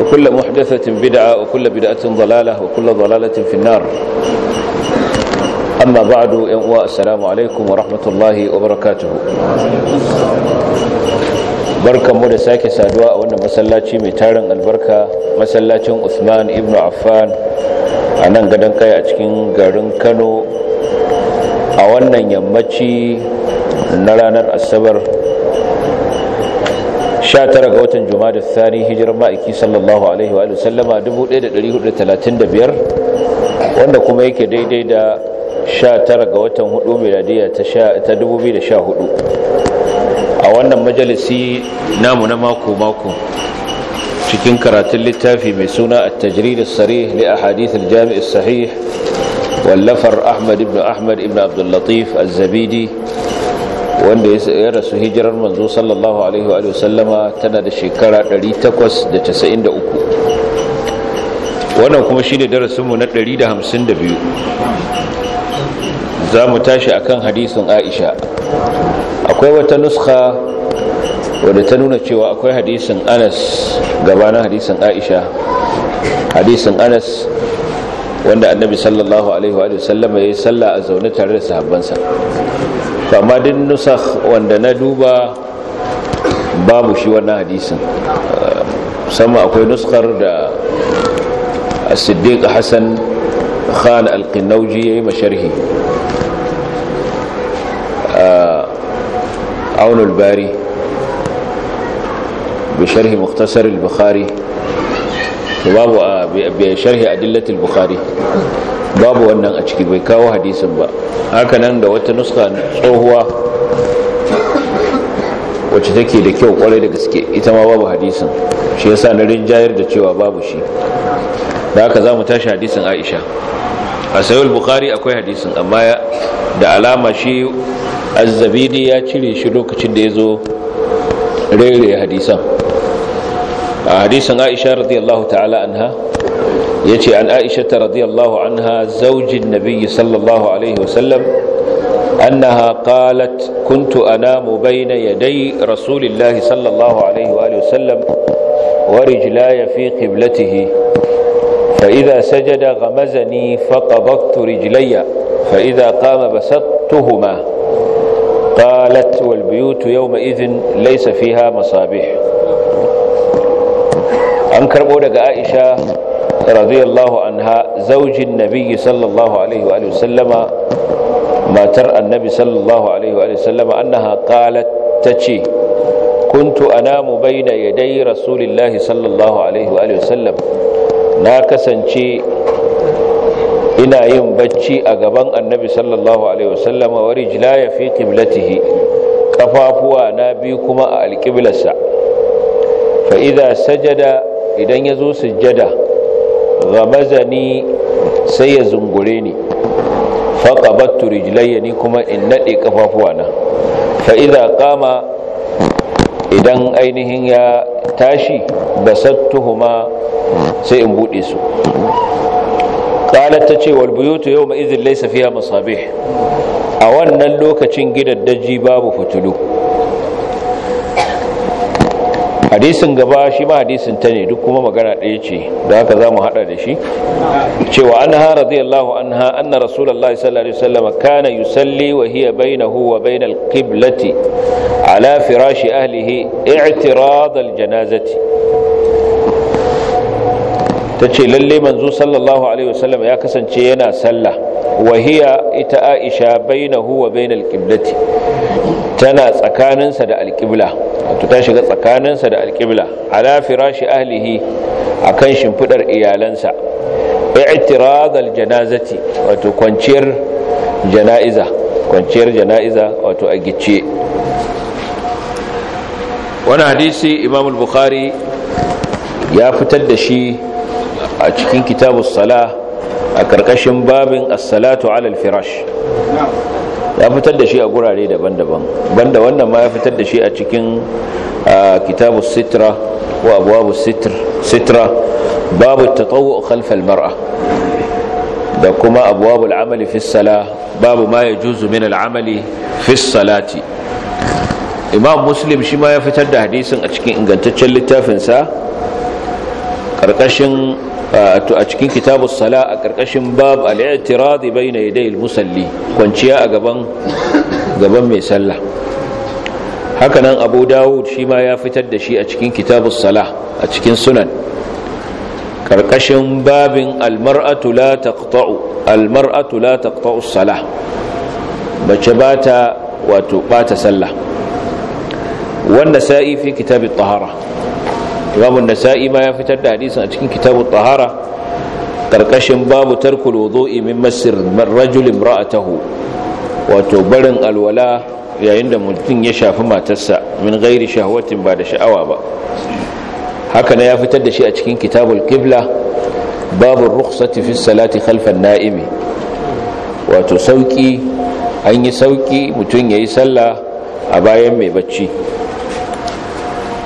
وكل محدثة بدعة وكل بدعة ضلالة وكل ضلالة في النار أما بعد السلام عليكم ورحمة الله وبركاته barkan mu da sake saduwa a wannan masallaci mai tarin albarka masallacin Usman ibnu Affan a nan gadon kai a cikin garin Kano a wannan yammaci na ranar Asabar 19 ga watan Jumada Thani hijirar ma'aiki sallallahu alaihi wa sallama 1435 wanda kuma yake daidai da 19 ga watan hudu miladiya ta 2014 a wannan majalisi namu na mako-mako cikin karatun littafi mai suna a tajrid sarih li a al-jami' sahih wallafar Ahmad ibn Ahmad ibn Abdul Latif al-Zabidi wanda ya rasu hijirar manzo sallallahu alaihi wa sallama tana da shekara 893 wannan kuma shi ne darasinmu na 152 za mu tashi akan hadisin aisha akwai wata nuska wadda ta nuna cewa akwai hadisin anas gabanin hadisin aisha hadisin anas wanda annabi sallallahu alaihi wa sallama ya yi salla a zaune tare da sahabbansa kama din nusakh wanda na duba babu shi wannan hadisin musamman akwai nuskar da siddiq hassan khan alqinauji ya yi masharhi ah, aunul bari بشرح مختصر البخاري babu a ah, sharhi al bukhari babu wannan a ciki bai kawo hadisin ba haka nan da wata nuska tsohuwa wacce take da kyau kwarai da gaske ita ma babu hadisin shi yasa na rinjayar da cewa babu shi da haka za mu tashi hadisin aisha a sayul bukari akwai hadisin amma da alama shi azzabidi ya cire shi lokacin da ya zo rere hadisan a hadisin aisha radiyallahu ta'ala anha yace an Aisha ta radiyallahu anha zawjin nabiy sallallahu alaihi wasallam annaha qalat kuntu anamu bayna yaday rasulillahi sallallahu alaihi wa alihi wasallam wa rijlaya fi qiblatihi fa idha sajada ghamazani fa qabattu rijlaya fa idha qama basattuhuma qalat wal buyut yawma idhin laysa fiha masabih an karbo daga Aisha radiyallahu anha zaujin nabiyyi sallallahu alaihi wa sallama matar annabi sallallahu alaihi wa sallama annaha qalat tace kuntu anamu baina yaday rasulillahi sallallahu alaihi wa sallam na kasance ina yin bacci a gaban annabi sallallahu alaihi wa wasallam wa rijlaya fi qiblatihi kafafuwa na biyu kuma a alqiblarsa fa idza sajada idan yazo sujjada gamazani sai ya zungure ni faqabattu rijlayya ni kuma in naɗe kafafuwana Fa'iza idza idan ainihin ya tashi basattuhuma sai in buɗe su qalat tace wal buyutu yawma idhin laysa fiha masabih a wannan lokacin gidan daji babu fitilu. hadisin gaba shi ma hadisin ta ne duk kuma magana ɗaya ce da haka za mu haɗa da shi cewa an ha radiyallahu an ha anna rasulallah sallallahu alaihi wasallam kana yusalli wa hiya bainahu wa bainal qiblati ala firashi ahlihi i'tirad al janazati tace lalle manzo sallallahu alaihi wasallam ya kasance yana sallah wa hiya ita aisha bainahu wa bainal qiblati tana tsakaninsa da alƙibla wato ta shiga tsakaninsa da alƙibla ala firashi ahlihi akan shimfidar iyalansa i'tiraz jana'zati wato kwanciyar jana'iza kwanciyar jana'iza wato a gice wani hadisi imam bukhari ya fitar da shi a cikin kitabus sala a karkashin babin as-salatu ala al-firash ya fitar da shi a gurare daban-daban banda wannan ma ya fitar da shi a cikin kitabu sitra wa abuwabu sitra babu tatawu khalfal mar'a da kuma abuwabu al'amali fi babu ma ya juzu min al'amali fi imam muslim shi ma ya fitar da hadisin a cikin ingantaccen littafinsa ƙarƙashin a cikin kitabu sala a ƙarƙashin bab al'i'tiradi bayna yadayil musalli kwanciya a gaban gaban mai sallah hakanan abu dawud shi ma ya fitar da shi a cikin kitabu sala a cikin sunan ƙarƙashin babin almar'atu la taqta'u almar'atu la taqta'u sala ba ta wato bata sallah wanda sa'i fi kitabi tahara imamun nasa'i ma ya fitar da hadisin a cikin kitabun tahara karkashin babu tarkul wudu'i min masir rajul imra'atahu wato barin alwala yayin da mutum ya shafi matarsa min gairi shahwatin ba da sha'awa ba haka na ya fitar da shi a cikin kitabul qibla babu rukhsati fi salati khalfan na'imi wato sauki an yi sauki mutum yayi sallah a bayan mai bacci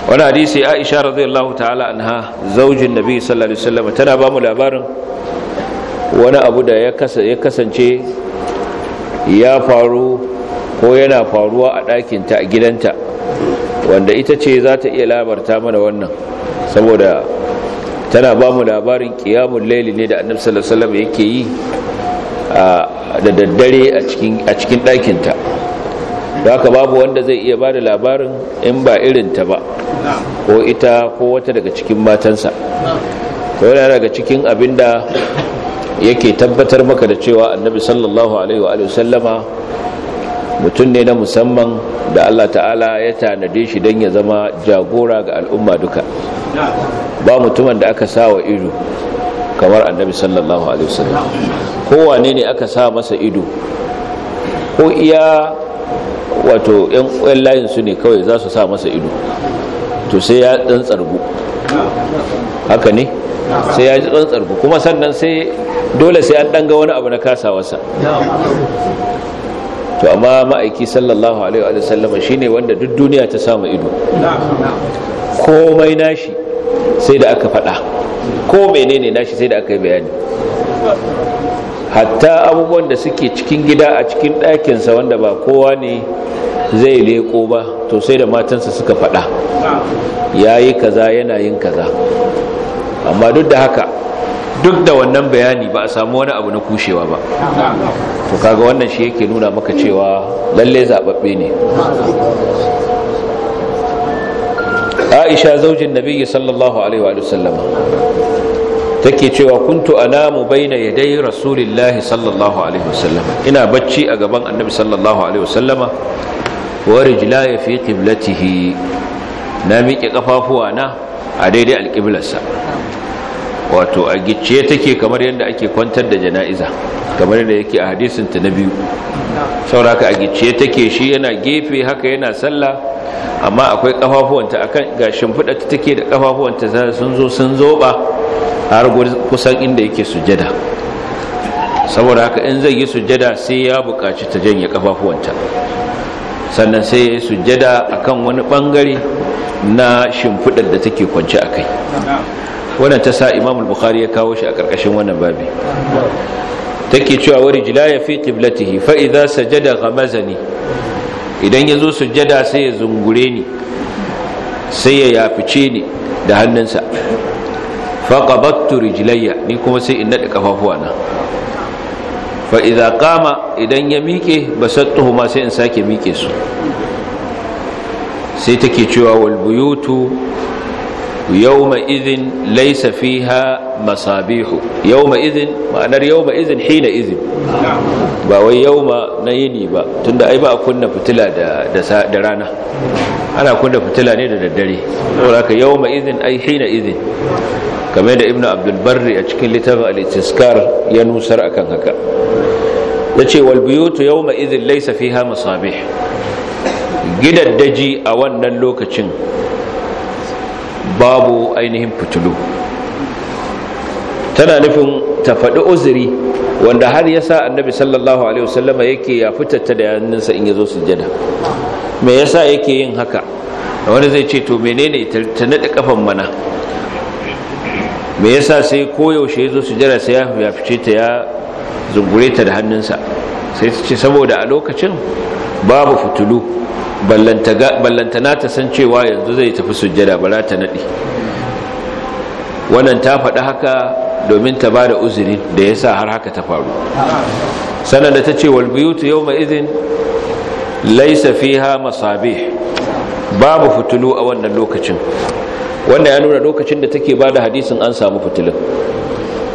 wani hadisi aisha radiyallahu ta'ala anha zaujin nabi sallallahu alaihi wasallam tana ba mu labarin wani abu da ya kasance ya faru ko yana faruwa a ɗakinta a gidanta wanda ita ce za ta iya labarta mana wannan saboda tana ba mu labarin ƙiyamun laili ne da annabi sallallahu alaihi wasallam yake yi da daddare a cikin ɗakinta da haka babu wanda zai iya ba da labarin in ba irin ta ba ko ita ko wata daga cikin matansa ko yana daga cikin abin da yake tabbatar maka da cewa annabi sallallahu alaihi wa sallama mutum ne na musamman da Allah ta'ala ya tanade shi don ya zama jagora ga al'umma duka ba mutumin da aka sa wa ido kamar annabi sallallahu alaihi wasallam kowane ne aka sa masa ido ko iya wato yan layin su ne kawai za su sa masa ido to sai ya dan tsargu haka ne sai ya ɗan dan tsargu kuma sannan sai dole sai an danga wani abu na kasawarsa to amma ma'aiki sallallahu alaihi wa sallama shi ne wanda duk duniya ta samu ido komai nashi sai da aka faɗa ko menene nashi sai da aka yi bayani hatta abubuwan da suke cikin gida a cikin ɗakinsa wanda ba kowa ne zai leko ba to sai da matansa suka faɗa ya yi kaza yana yin kaza amma duk da haka duk da wannan bayani ba a samu wani abu na kushewa ba to kaga wannan shi yake nuna maka cewa lalle zaɓaɓɓe ne aisha zaujin nabi sallallahu alaihi wa sallama take cewa kuntu anamu baina yadai rasulillahi sallallahu alaihi wasallam ina bacci a gaban annabi sallallahu alaihi wasallama wa rijlaya fi qiblatihi na miƙe kafafuwa na a daidai alƙiblarsa wato a gicciye take kamar yadda ake kwantar da jana'iza kamar yadda yake a hadisin ta na biyu sauraka a gicciye take shi yana gefe haka yana sallah amma akwai kafafuwanta akan ga shimfiɗa ta take da kafafuwanta sun zo sun zoba har kusan inda yake sujada saboda haka in zai yi sujada sai ya buƙaci ta janye kafafuwanta sannan sai ya yi sujada akan wani bangare na shimfiɗar da take kwance a kai wannan ta sa imam bukhari ya kawo shi a karkashin wannan babi take cewa wa rijlaya fi qiblatihi fa idza sajada ghamazani idan yazo sujjada sai ya zungure ni sai ya yafice ni da hannunsa fa qabattu rijlayya ni kuma sai in nade kafafuwana fa idza qama idan ya mike basattuhu ma sai in sake mike su sai take cewa wal buyutu yawma idhin laysa fiha masabihu yawma idhin ma'anar yawma idhin hina izin. ba wai yawma na yini ba tunda ai ba a kunna fitila da rana ana kunna fitila ne da daddare saboda ka yawma idhin ai hina izin. kamar da ibnu abdul barri a cikin littafin al-istiskar ya nusar akan haka yace wal buyutu yawma idhin laysa fiha masabih gidaddaji a wannan lokacin babu ainihin fitilu. tana nufin ta faɗi uzuri wanda har ya sa annabi sallallahu alaihi wasallama yake ya fitatta da yanninsa in ya zo su jada. me ya sa yake yin haka wani zai ce to menene ta naɗa kafan mana me ya sa sai koyaushe ya zo su jada sai ya fice ta ya zungure ta da hannunsa sai su ce saboda a lokacin babu ballanta na ta san cewa yanzu zai tafi sujjada ba ta naɗi wannan ta faɗi haka domin ta ba da uzuri da ya sa har haka ta faru sannan da ta ce walbiyutu yau mai izin laisa fiha masabe babu fitulu a wannan lokacin wannan ya nuna lokacin da take ba da hadisin an samu fitilun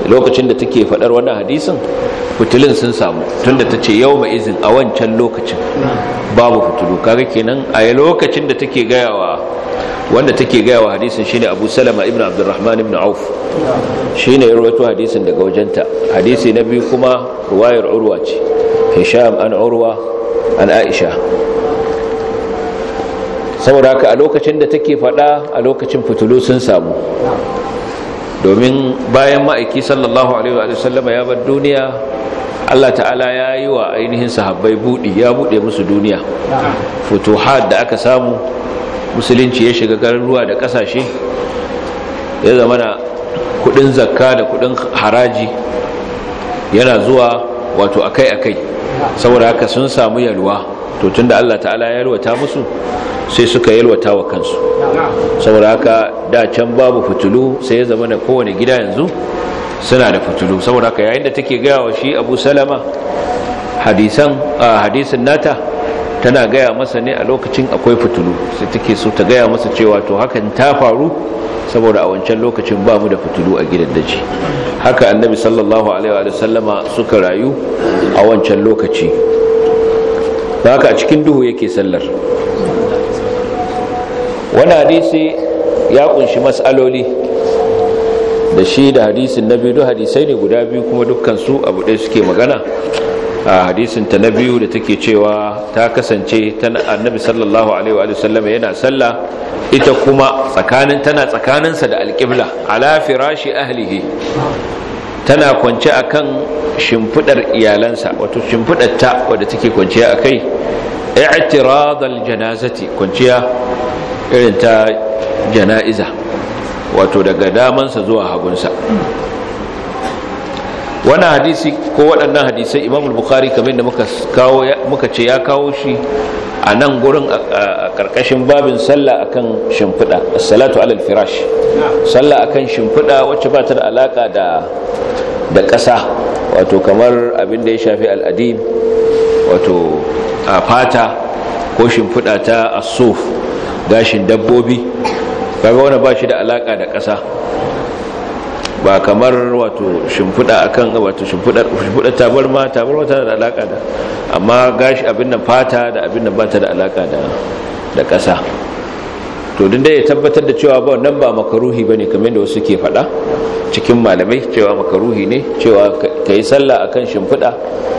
lokacin da take fadar wannan hadisin fitilin sun samu tunda ta ce yau izin a wancan lokacin babu fitilu kaga kenan a lokacin da take gayawa wanda take gayawa hadisin shine abu salama ibn abdurrahman ibn auf shine ya rubuta hadisin daga wajenta hadisi na biyu kuma ruwayar urwa ce hisham an urwa an aisha saboda haka a lokacin da take fada a lokacin fitilu sun samu domin bayan ma'aiki sallallahu alaihi wa sallama ya bar duniya Allah ta'ala ya yi wa ainihin sahabbai buɗi ya buɗe musu duniya futuhat da aka samu musulunci ya shiga garin ruwa da ƙasashe ya zama na kuɗin zakka da kuɗin haraji yana zuwa wato akai-akai saboda haka sun samu yalwa to tunda Allah ta'ala ya yalwata musu sai suka yalwata wa kansu saboda haka da can babu fitulu sai ya zama da kowane gida yanzu suna da fitulu saboda haka yayin da take gaya wa shi abu salama hadisan hadisin nata tana gaya masa ne a lokacin akwai fitulu sai take so ta gaya masa cewa to hakan ta faru saboda a wancan lokacin ba mu da fitulu a gidan daji haka annabi sallallahu alaihi wa sallama suka rayu a wancan lokaci haka a cikin duhu yake sallar wani hadisi ya kunshi matsaloli da shi da hadisin na biyu hadisai ne guda biyu kuma dukansu abu ɗaya suke magana a hadisin ta na biyu da take cewa ta kasance annabi sallallahu alaihi wa sallam yana sallah ita kuma tsakanin tana tsakaninsa da alƙibla ala firashi ahlihi tana kwance akan shimfidar iyalansa wato shimfidar ta wadda take kwanciya akai i'tiradal janazati kwanciya irin ta jana'iza wato daga damansa zuwa hagunsa wannan hadisi ko waɗannan hadisai imam bukhari kamar da muka ce ya kawo shi a nan gurin a ƙarƙashin babin sallah akan shimfiɗa salatu alal firash sallah akan shimfiɗa wacce ba ta da alaƙa da ƙasa wato kamar abin da ya shafi al'adim wato a fata ko shimfiɗa ta asuf gashin dabbobi kaga wani ba shi da alaka da ƙasa ba kamar wato shimfiɗa akan wato shimfiɗa tabarma tabarma tana da alaka da amma gashi abin nan fata da abin nan ba ta da alaka da ƙasa to duk da ya tabbatar da cewa ba wannan ba makaruhi bane kamar da wasu ke faɗa cikin malamai cewa makaruhi ne cewa kai sallah akan shimfiɗa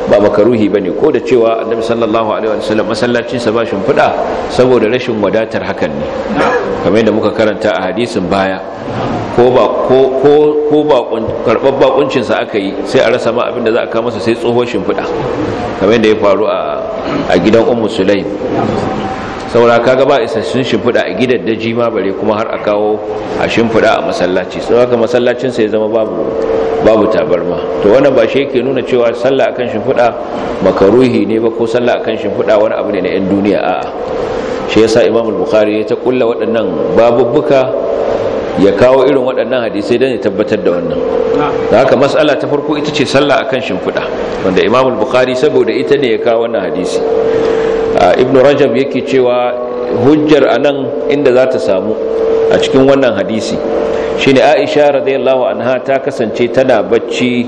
ba makaruhi bane ko da cewa annabi sallallahu alaihi wasallam masallacin sa ba shimfida saboda rashin wadatar hakan ne kamar da muka karanta a hadisin baya ko ba ko ko ba karbar bakuncin sa aka yi sai a rasa ma abin da za a kawo masa sai tsohon shimfiɗa kamar da ya faru a a gidan ummu sulaim saura kaga ba isassun shimfiɗa a gidan daji ma bare kuma har a kawo a shimfiɗa a masallaci sau haka masallacin ya zama babu babu tabarma to wannan ba shi yake nuna cewa sallah akan shimfiɗa makaruhi ne ba ko sallah akan shimfiɗa wani abu ne na 'yan duniya a'a shi yasa imam al-bukhari ya ta kulla waɗannan babubbuka ya kawo irin waɗannan hadisai don ya tabbatar da wannan da haka matsala ta farko ita ce sallah akan shimfiɗa wanda imam al-bukhari saboda ita ne ya kawo wannan hadisi ibn rajab yake cewa hujjar anan inda za ta samu a cikin wannan hadisi shine aisha radiyallahu anha ta kasance tana bacci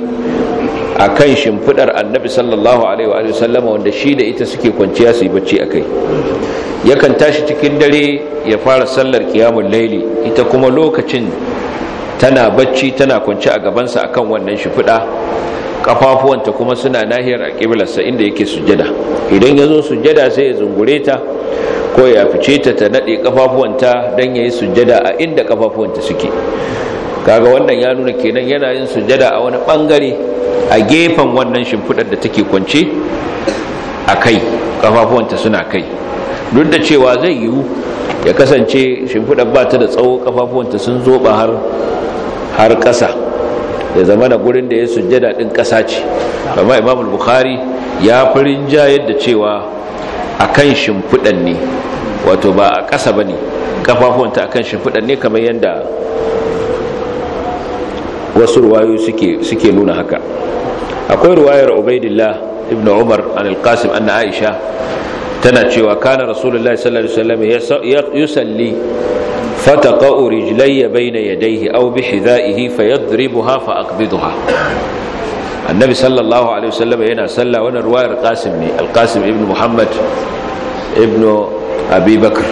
a kan shimfidar annabi sallallahu alaihi wa sallama wanda shi da ita suke kwanciya su yi bacci a kai yakan tashi cikin dare ya fara sallar kiyamun laili ita kuma lokacin tana bacci tana kwanci a gabansa akan wannan shimfiɗa kafafuwanta kuma suna nahiyar alƙiblarsa inda yake sujada. idan ya zo sujada sai ya zungure ta ko ya fice ta ta naɗe kafafuwanta don ya yi sujada a inda kafafuwanta suke kaga wannan ya nuna kenan yana yin sujada a wani bangare a gefen wannan shimfudar da take kwance a kai kafafuwanta suna kai duk da cewa zai yiwu ya kasance shimfiɗar ba ta da tsawo kafafuwanta sun zoba har ƙasa ya zama da gurin da ya sujjada din ƙasa ce amma imam bukhari ya farin jayar da cewa akan shimfiɗan ne wato ba a ƙasa ba ne ta akan shimfiɗan ne kamar yadda wasu ruwayo suke nuna haka akwai ruwayar ubaidillah ibn umar an alqasim anna aisha tana cewa kana rasulullahi sallallahu alaihi wasallam yusalli فتقأ رجلي بين يديه أو بحذائه فيضربها فأقبضها النبي صلى الله عليه وسلم هنا صلى وانا رواية القاسم القاسم ابن محمد ابن أبي بكر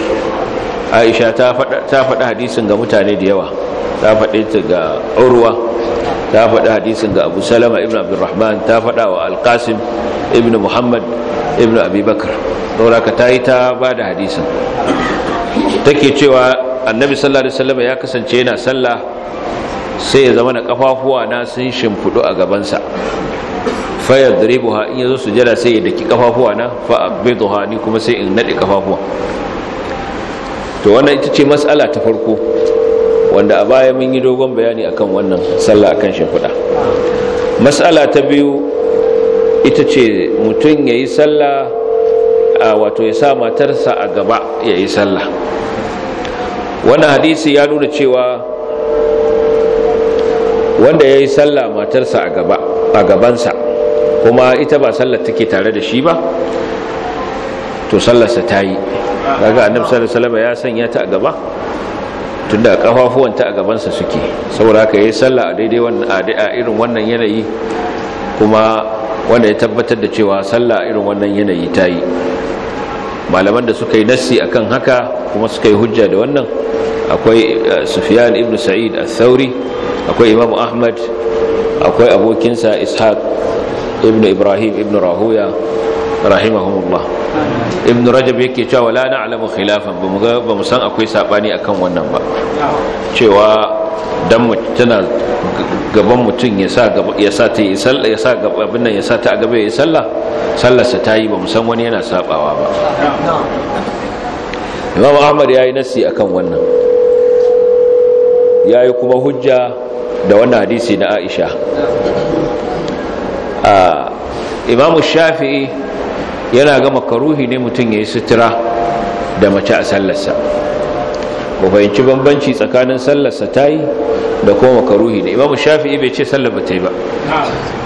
aisha ta faɗi hadisin ga mutane da yawa ta faɗi ta ga urwa ta faɗi hadisin ga abu salama ibn abdurrahman ta faɗa wa ibn muhammad ibn abubakar sauraka ta yi ta ba hadisin take cewa annabi sallallahu alaihi wasallam ya kasance yana sallah sai ya zama na kafafuwa na sun shimfudu a gabansa fa yadribuha in yazo sujada sai ya daki kafafuwa na fa abiduha ni kuma sai in nade kafafuwa to wannan ita ce mas'ala ta farko wanda a baya mun yi dogon bayani akan wannan sallah akan shimfuda mas'ala ta biyu ita ce mutum ya yi sallah a wato ya sa matarsa a gaba ya yi sallah wannan hadisi ya nuna cewa wanda ya yi sallah matarsa a gabansa kuma ita ba sallar take tare da shi ba to sallarsa ta yi daga annabi sallallahu salama ya sanya ta a gaba tunda kafafuwanta a gabansa suke saboda haka yi sallah a daidai wannan a irin wannan yanayi kuma wanda ya tabbatar da cewa sallah irin wannan yanayi ta yi malaman da suka yi nassi akan haka kuma suka yi hujja da wannan akwai eh, sufyan ibn sa'id al-thauri akwai Imam ahmad akwai abokinsa ishaq ibn ibrahim ibn rahuya rahimahumullah ibn rajab yake cewa la na'lamu khilafan bamu ga bamu san akwai sabani akan wannan ba cewa dan tana gaban mutum ya sa ya sa ta ya sa abin nan ya sa ta a gaba ya sallah sallarsa ta yi ba san wani yana sabawa ba imam ahmad ya yi nassi akan wannan ya yi kuma hujja da wannan hadisi na aisha imam shafi'i yana ga makaruhi ne mutum ya yi sutura da mace a sallarsa mu fahimci bambanci tsakanin sallar sa tayi da kuma makaruhi ne imamu shafi'i bai ce sallar ba ta yi ba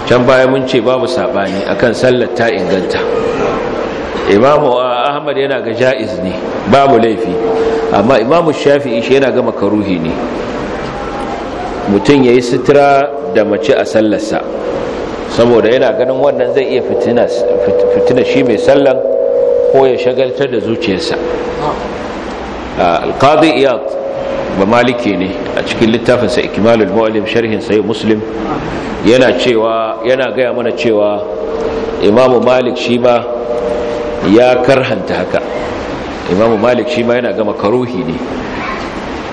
can baya mun ce babu saɓani akan sallar ta inganta imamu ah, ahmad yana ga ja'iz ne babu laifi amma imamu shafi'i shi yana ga makaruhi ne mutum ya yi sutura da mace a sallarsa saboda yana ganin wannan zai iya fitina shi mai sallan ko ya shagaltar da zuciyarsa alqadi iyad ba maliki ne a cikin littafinsa ikmalul mu'allim sharhin sahih muslim yana cewa yana gaya mana cewa Imam malik shi ya karhanta haka Imam malik shi yana gama karuhi ne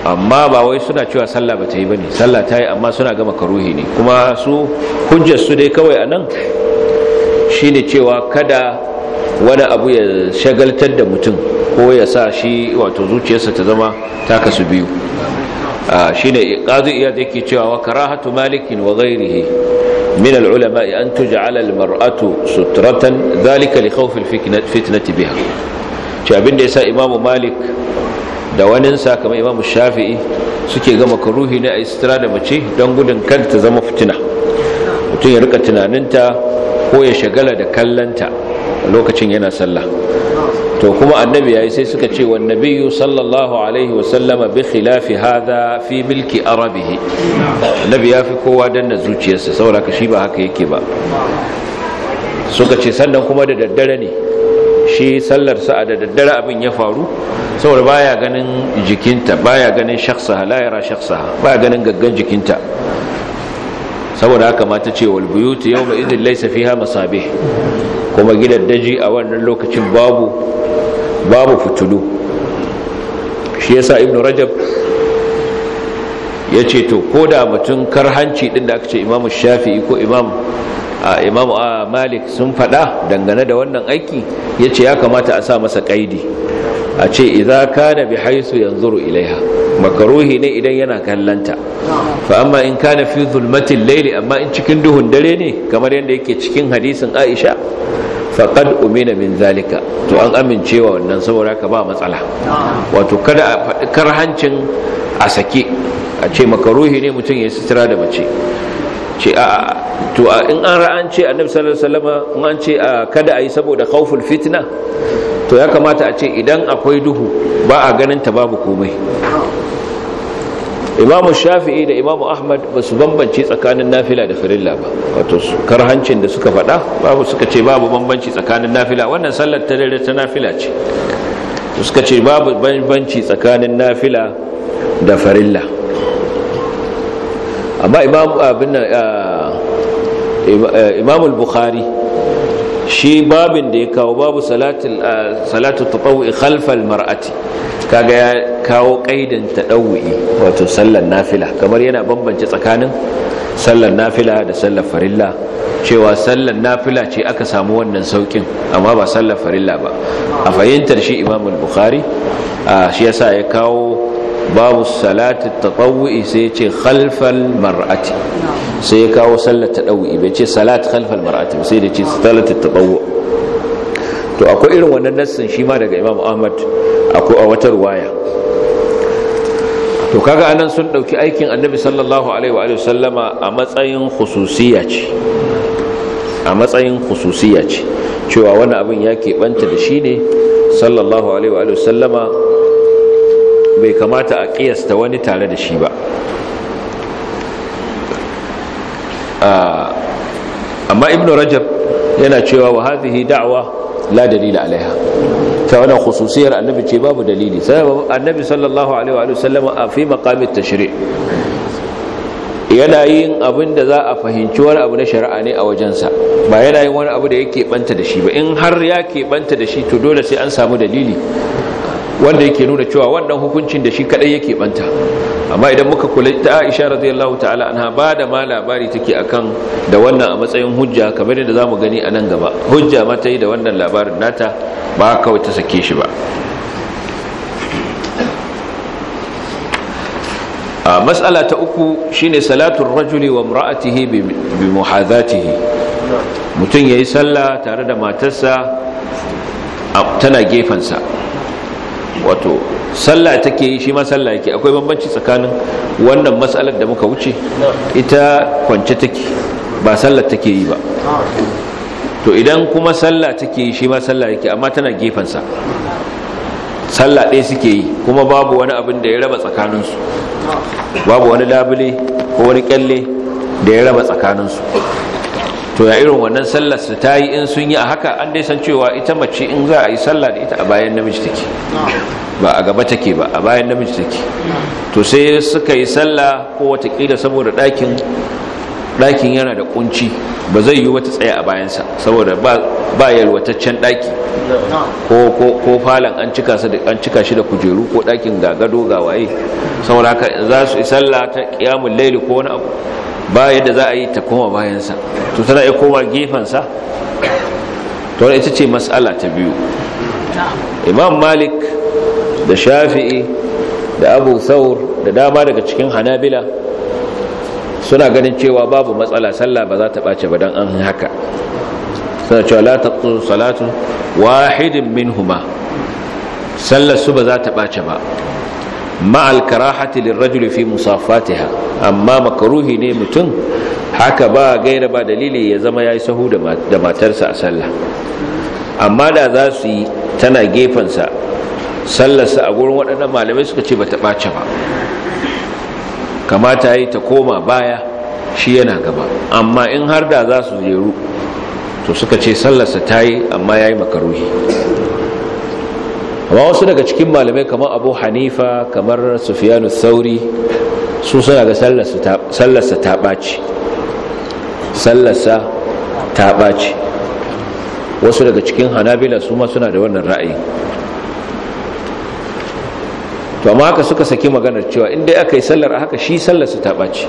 amma ba wai suna cewa sallah ba ta yi ba ne sallah ta yi amma suna gama karuhi ne kuma su su dai kawai anan, shine shi ne cewa kada wani abu ya shagaltar da mutum ko ya sa shi wato zuciyarsa ta zama ta kasu biyu shine iya iyad yake cewa wa karahatu malikin wa ghairihi min al'ulama ulama an tuja alal maratu suturatan, zalika li khawf fitnati biya cewa abin da sa imamu malik da wani kamar imamu shafi'i suke gama karuhi na istira da mace don gudun kar ta zama fitina mutum ya rika tunaninta ko ya shagala da kallanta lokacin yana sallah to kuma annabi yayi sai suka ce wa nabiyyu sallallahu alaihi wasallama bi khilafi hadha fi milki arabihi nabi ya fi kowa danna zuciyarsa saboda ka shi ba haka yake ba suka ce sannan kuma da daddare ne shi sallar sa da daddare abin ya faru saboda baya ganin jikinta baya ganin shakhsaha la yara shakhsaha baya ganin gaggan jikinta saboda haka mata ce wal buyuti yawma idin laysa fiha masabih kuma gidan daji a wannan lokacin babu babu fitulu shi yasa ibnu rajab yace to ko koda mutun hanci din da aka ce imamu shafi'i ko imam a malik sun fada dangane da wannan aiki yace ya kamata a sa masa kaidi a ce idza kana bi haisu yanzuru ilaiha makaruhi ne idan yana kallanta fa amma in kana fi zulmatil layli amma in cikin duhun dare ne kamar yadda yake cikin hadisin Aisha faqad umina min zalika to an amincewa wannan saboda ka ba matsala wato kada a faɗi karhancin a sake a ce makaruhi ne mutum ya sutura da mace ce a to in an ra'ance annabi sallallahu alaihi wasallam an ce kada ayi saboda khawful fitna to ya kamata a ce idan akwai duhu ba a ganin ta babu komai imamu shafi'i da imamu ahmad ba su bambanci tsakanin nafila da farilla ba wato karhancin da suka faɗa babu suka ce babu bambanci tsakanin nafila wannan sallar ta dare ta nafila ce suka ce babu bambanci tsakanin nafila da farilla amma eh, eh, imamu bukhari shi babin da ya kawo babu salatu tatawwi khalfal mar'ati kaga ya kawo kaidan tadawwi wato sallar nafila kamar yana bambance tsakanin sallar nafila da sallar farilla cewa sallar nafila ce aka samu wannan saukin amma ba sallar farilla ba a fahimtar shi imamul bukhari shi yasa ya kawo babu salati tatawwi sai ce khalfal mar'ati sai ya kawo sallar tadawi bai ce salat khalfal mar'ati sai da ce salat tatawwu to akwai irin wannan nassin shi ma daga Imam Ahmad akwai a wata ruwaya to kaga anan sun dauki aikin Annabi sallallahu alaihi wa sallama a matsayin khususiyya ce a matsayin khususiyya ce cewa wani abin ya keɓanta da shi ne sallallahu alaihi wa sallama bai kamata a kiyasta wani tare da shi ba amma ibn rajab yana cewa wa hadhihi da'wa la dalila alaiha ta wannan khususiyar annabi ce babu dalili sai annabi sallallahu alaihi wa sallama a fi maqamit tashri' yana yin abin da za a fahimci wani abu na shari'a ne a wajensa ba yana yin wani abu da ya banta da shi ba in har ya banta da shi to dole sai an samu dalili wanda yake nuna cewa wannan hukuncin da shi kadai yake banta amma idan muka kula ta Aisha radiyallahu ta'ala anha ba da ma labari take akan da wannan a matsayin hujja kamar yadda zamu gani a nan gaba hujja ma ta yi da wannan labarin nata ba kawai ta sake shi ba a mas'ala ta uku shine salatul rajuli wa imra'atihi bi muhadhatihi mutum yayi sallah tare da matarsa tana gefansa wato sallah take yi shi ma sallah yake akwai bambanci tsakanin wannan matsalar da muka wuce ita kwance take ba sallar take yi ba to idan kuma sallah take yi shi ma sallah yake amma tana gefensa sallah ɗaya suke yi kuma babu wani abin da ya raba tsakaninsu babu wani labule ko wani kyalle da ya raba tsakaninsu to ya irin wannan sallar su ta yi in sun yi a haka an dai san cewa ita mace in za a yi sallah da ita a bayan namiji take ba a gaba take ba a bayan namiji take to sai suka yi sallah ko watakila saboda ɗakin ɗakin yana da kunci ba zai yi wata tsaye a bayansa saboda ba yalwataccen ɗaki ko falon an cika shi da kujeru ko ɗakin gagado ga waye saboda haka za su yi sallah ta ƙiyamun laili ko wani abu ba yadda za a yi ta koma bayansa to tana iya koma gefensa to ita ce matsala ta biyu imam malik da shafi'i da abu saur da dama daga cikin hanabila suna ganin cewa babu matsala sallah ba za ta ɓace ba don an haka suna cewa la taqtu salatu wahidin minhuma sallar su ba za ta ɓace ba ma'al karahati lirrajuli fi musafatiha amma makaruhi ne mutum haka ba gaira ba dalili ya zama yayi sahu da matarsa a sallah amma da za su yi tana gefensa sallarsa a gurin waɗannan malamai suka ce bata ta ɓace ba kamata yi ta koma baya shi yana gaba amma in har da za su jeru to suka ce sallarsa ta yi amma ya yi makaruhi amma wasu daga cikin malamai kamar abu hanifa kamar sufiyanu sauri su suna ga sallarsa ta ɓaci sallarsa ta ɓaci wasu daga cikin hanabila su ma suna da wannan ra'ayi to amma haka suka saki maganar cewa inda aka yi sallar a haka shi sallarsa ta ɓaci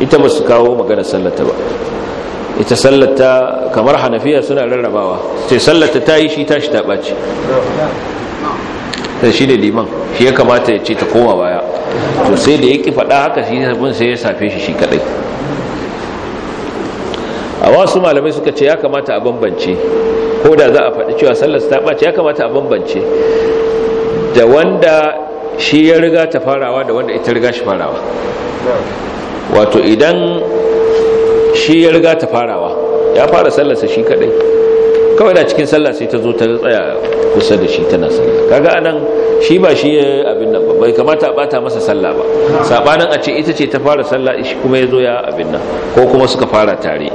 ita ba su kawo maganar sallarta ba ita sallata kamar hanafiya suna rarrabawa sai sallata ta yi shi tashi ta ɓaci shi ne liman shi ya kamata ya ce ta koma baya to sai da ya ƙi faɗa haka shi ne sai ya safe shi shi kaɗai a wasu malamai suka ce ya kamata a bambance ko da za a faɗi cewa sallar ta ɓace ya kamata a bambance da wanda shi ya riga ta farawa da wanda ita riga shi farawa wato idan shi ya riga ta farawa ya fara sallarsa shi kaɗai kawai da cikin sallar sai ta zo ta tsaya kusa da shi tana sallah kaga anan shi ba shi abin nan bai kamata a bata masa sallah ba sabanin a ce ita ce ta fara sallah shi kuma ya zo ya abin nan ko kuma suka fara tare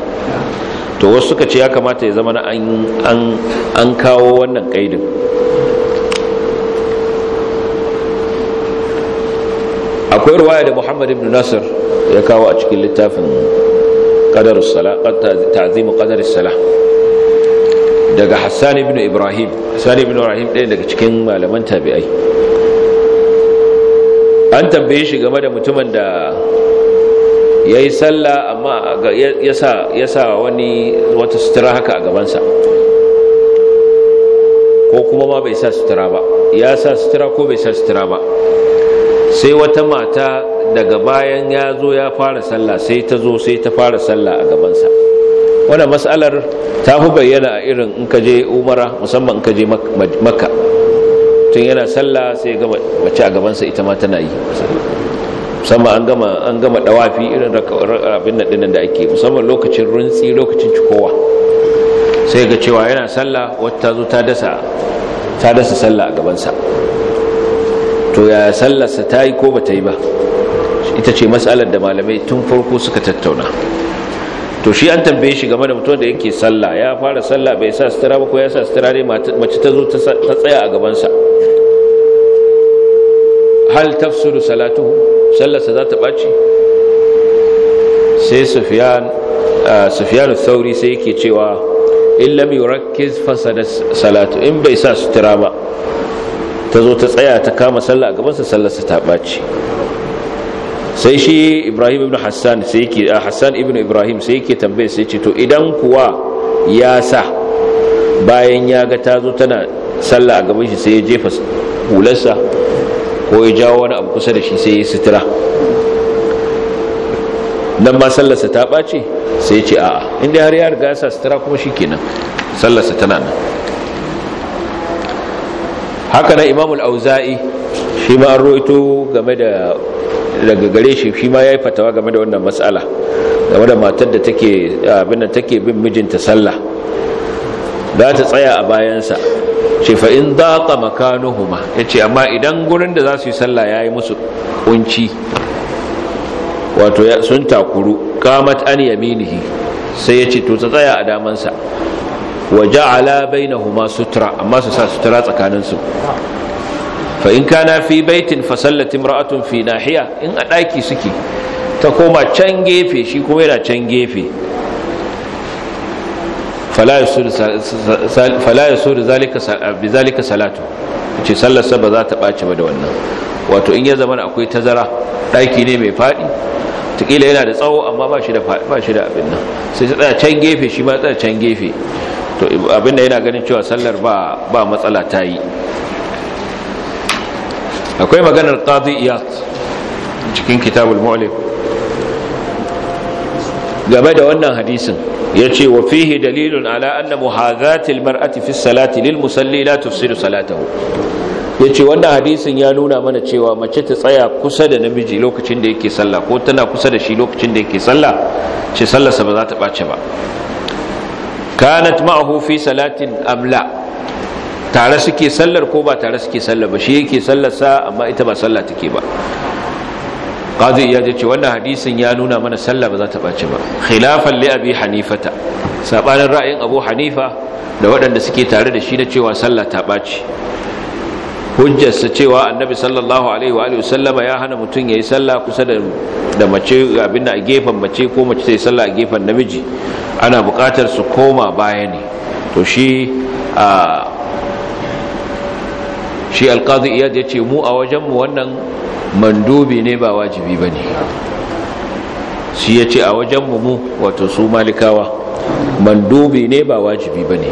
to wasu suka ce ya kamata ya zama na an kawo wannan kaidin akwai ruwaya da muhammad ibn nasir ya kawo a cikin littafin qadarus sala ta'zimu qadarus sala daga hassan ibn ibrahim hassan ibn ibrahim ɗaya daga cikin malaman tabi'ai an tambaye shi game da mutumin da ya yi sallah amma ya sa wani wata sutura haka a gabansa ko kuma ma bai sa sutura ba ya sa sutura ko bai sa sutura ba sai wata mata daga bayan ya zo ya fara sallah sai ta zo sai ta fara sallah a gabansa wannan matsalar ta fi bayyana a irin in ka je umara musamman in ka je makka tun yana sallah sai gama mace a gabansa ita ma tana yi musamman an gama an gama dawafi irin abin nan da ake musamman lokacin runtsi lokacin cikowa sai ga cewa yana sallah wata zo ta dasa ta dasa sallah a gabansa to ya sallarsa ta yi ko ba ta yi ba ita ce matsalar da malamai tun farko suka tattauna to shi an tambaye shi game da mutum da yake sallah ya fara sallah bai sa sutura ba ko ya sa sutura ne mace ta zo ta tsaya a gabansa hal tafsiru salatuhu sallarsa za ta ɓaci sai sufyan sufiyanu sauri sai yake cewa in lam yurakkiz fasada salatu in bai sa sutura ba ta zo ta tsaya ta kama sallah a gabansa sallarsa ta ɓaci sai shi ibrahim ibn hassan sai yake ah, hassan ibn ibrahim sai yake tambaye sai ce to idan kuwa ya sa bayan ya ga ta zo tana sallah a gaban shi sai ya jefa hularsa ko ya jawo wani abu kusa da shi sai ya sutura nan ma sallarsa ta ɓace sai ce a'a inda har ya riga sa sutura kuma shi kenan sallarsa tana nan haka na imamul auza'i shi ma an roito game da daga gare shi shi ma ya yi fatawa game da wannan matsala game da matar da take abin da take bin mijinta sallah za ta tsaya a bayansa ce ka in huma Ya ce. amma idan gurin da za su yi sallah ya yi musu kunci wato sun takuru Kamat an yaminihi sai ya ce to ta tsaya a damansa waje wa na huma sutura, amma su sa sutura tsakaninsu fa in kana fi baitin fa sallat imra'atun fi nahiya in a daki suke ta koma can gefe shi kuma yana can gefe fala ya so bi zalika salatu ce sallarsa ba za ta ɓaci ba da wannan wato in ya zama akwai tazara ɗaki ne mai faɗi tukila yana da tsawo amma ba shi da abin nan sai ta tsaya can gefe shi ma tsaya can gefe to abin da yana ganin cewa sallar ba, ba matsala ta yi akwai maganar qadiyat cikin kitabul mu'lim game da wannan hadisin ya ce wa fihi dalilun ala anna muhadhatil mar'ati fi salati lil musalli la tufsidu salatahu ya ce wannan hadisin ya nuna mana cewa mace ta tsaya kusa da namiji lokacin da yake sallah ko tana kusa da shi lokacin da yake sallah ce sallarsa ba za ta ɓace ba kanat ma'ahu fi salatin amla tare suke sallar ko ba tare suke sallar ba shi yake sallar sa amma ita ba sallah take ba qadi ya ce wannan hadisin ya nuna mana sallah ba za ta bace ba khilafan li abi hanifata sabanin ra'ayin abu hanifa da waɗanda suke tare da shi na cewa sallah ta bace hujjarsa cewa annabi sallallahu alaihi wa sallama ya hana mutum ya yi sallah kusa da mace abin a gefen mace ko mace ta yi sallah a gefen namiji ana buƙatar su koma baya ne to shi a shi alkazi iya ya ce mu a wajenmu wannan mandubi ne ba wajibi ba ne shi ya ce a wajenmu mu wato su malikawa mandubi ne ba wajibi ba ne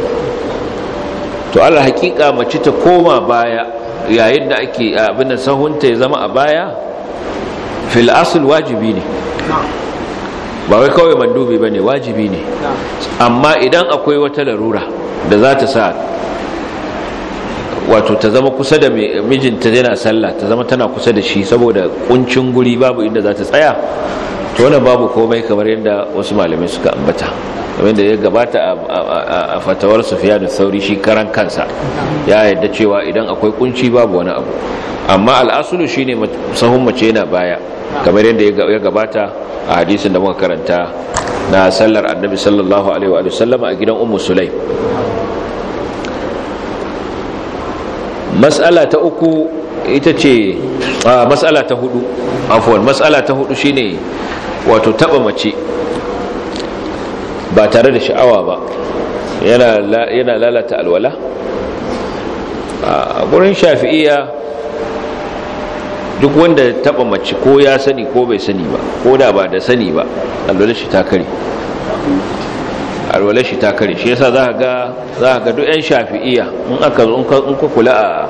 to allah hakika mace ta koma baya yayin da ake abin da sahunta ya zama a baya fil asul wajibi ne ba wai kawai mandubi ba ne wajibi ne amma idan akwai wata larura da za ta sa wato ta zama kusa da mijinta yana sallah ta zama tana kusa da shi saboda kuncin guri babu inda za ta tsaya to wannan babu komai kamar yadda wasu malamai suka ambata kamar da ya gabata a fatawar sufiya da sauri shi karan kansa ya yadda cewa idan akwai kunci babu wani abu amma al'asulu shi ne sahun mace yana baya kamar yadda ya gabata a hadisin da muka karanta na sallar annabi sallallahu alaihi wa sallama a gidan ummu sulai. mas'ala ta uku ita ce mas'ala ta hudu afuwan mas'ala ta hudu shine wato taba mace ba tare da sha'awa ba yana lalata alwala a gurin shafi'iya duk wanda taba mace ko ya sani ko bai sani ba ko da ba da sani ba alwala shi ta kare alwalar shi ta kare shi yasa za ga za ga duk yan shafi'iya in aka zo in ku kula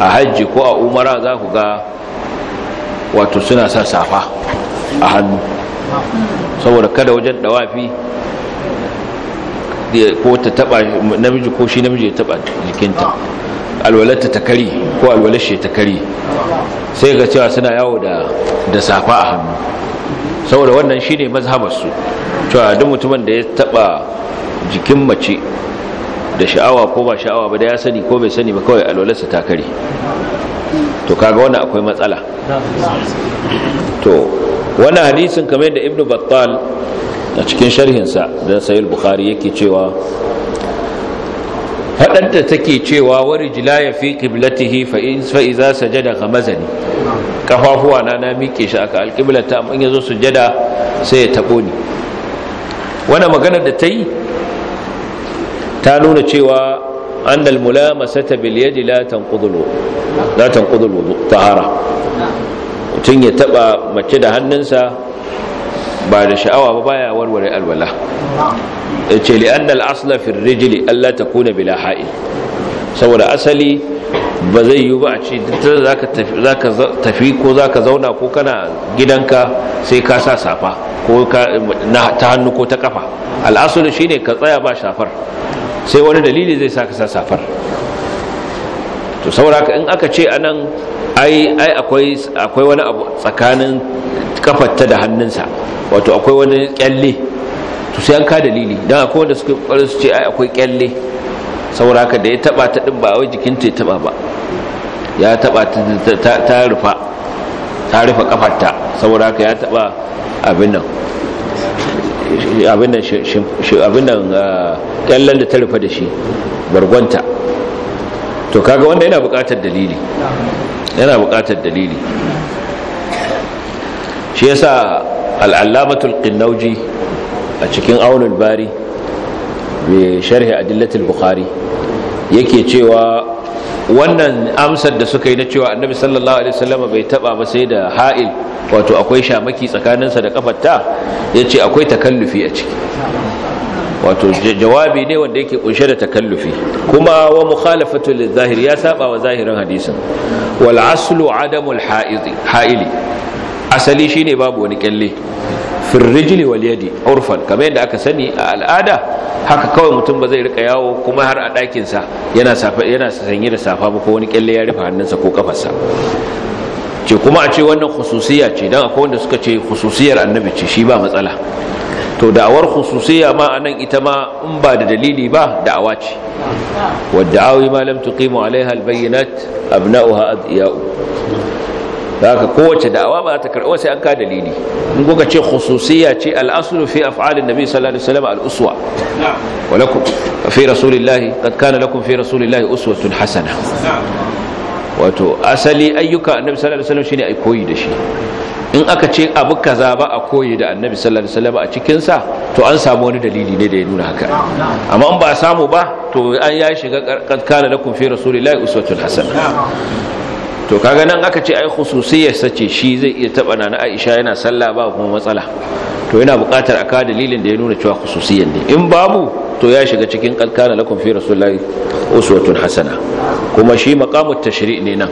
a hajji ko a umara za ku ga wato suna sa safa a hannu saboda kada wajen dawafi ko ta taba namiji ko shi namiji ya taba jikinta alwalarta ta kare ko alwalar shi ta kare sai ga cewa suna yawo da safa a hannu saboda wannan shine mazhabarsu a duk mutumin da ya taba jikin mace da sha'awa ko ba sha'awa ba da ya sani ko bai sani ba kawai alwalarsa ta kare to kaga wannan akwai matsala to wannan hadisin kamar da ibnu battal a cikin sharhinsa don Sayyid bukhari yake cewa faɗanta take cewa wari jila ya fi ƙiblatihi fa'iza sajada ga mazani ƙafafuwa na na miƙe shi aka alƙiblata amma ya zo sujada sai ya taɓo ni wani maganar da ta yi ta nuna cewa an dalmula masata biliyadi la tanƙudul tahara mutum ya taɓa mace da hannunsa ba da sha'awa ba baya warware alwala yace li anna asla fi ar-rijli alla takuna bila ha'i. saboda asali ba zai yi ba a ce za zaka tafi ko zaka zauna ko kana gidanka sai ka sa safa ko ta hannu ko ta kafa al'asulu shine ka tsaya ba shafar sai wani dalili zai sa ka sa safar to sauraka in aka ce anan ai ai akwai akwai wani abu tsakanin kafatta da hannunsa wato akwai wani kyalle to sai an ka dalili dan akwai wanda suke kwarin su ce ai akwai kyalle saboda haka da ya taba ta din ba wai jikinta ya taba ba ya taba ta ta rufa ta rufa kafarta saboda haka ya taba abin nan abin nan abin nan ah, kyallen da ta rufa da shi bargonta to kaga wanda yana buƙatar dalili yana buƙatar dalili shi yasa al'allamatul qinnauji a cikin aunul bari bi sharhi adillatul bukhari yake cewa wannan amsar da suka yi na cewa annabi sallallahu alaihi wasallam bai taba ba sai da ha'il wato akwai shamaki tsakaninsa da kafarta yace akwai takallufi a ciki wato jawabi ne wanda yake kunshe da takallufi kuma wa mukhalafatu zahir ya saba wa zahirin hadisin wal aslu adamul ha'idi ha'ili asali shine babu wani kelle. fil rijli wal yadi urfan kamar yadda aka sani a al'ada haka kawai mutum ba zai rika yawo kuma har a ɗakin sa yana safa yana sanye da safa ba ko wani kelle ya rufe hannunsa ko kafarsa ce kuma a ce wannan khususiya ce dan akwai wanda suka ce khususiyar annabi ce shi ba matsala to da'awar khususiyya ma anan ita ma in ba da dalili ba da'awa ce wadda'awi ma lam tuqimu alaiha albayyinat abna'uha adiya'u haka kowace da'awa ba ta karɓa sai an ka dalili in kuka ce khususiyya ce al'aslu fi af'alin nabi sallallahu alaihi wasallam al'uswa wa lakum fi rasulillahi qad kana lakum fi rasulillahi uswatun hasana wato asali ayyuka annabi sallallahu alaihi wasallam shine ai koyi da shi in aka ce abu kaza ba a koyi da annabi sallallahu alaihi wasallam a cikin sa to an samu wani dalili ne da ya nuna haka amma in ba a samu ba to an ya shiga kana lakum fi rasulillahi uswatul hasana to kaga nan aka ce ai khususiyar sace shi zai iya taba na Aisha yana sallah ba kuma matsala to yana buƙatar aka dalilin da ya nuna cewa khususiyar ne in babu to ya shiga cikin kalkana lakum fi rasulillahi uswatun hasana kuma shi maqamut tashri' ne nan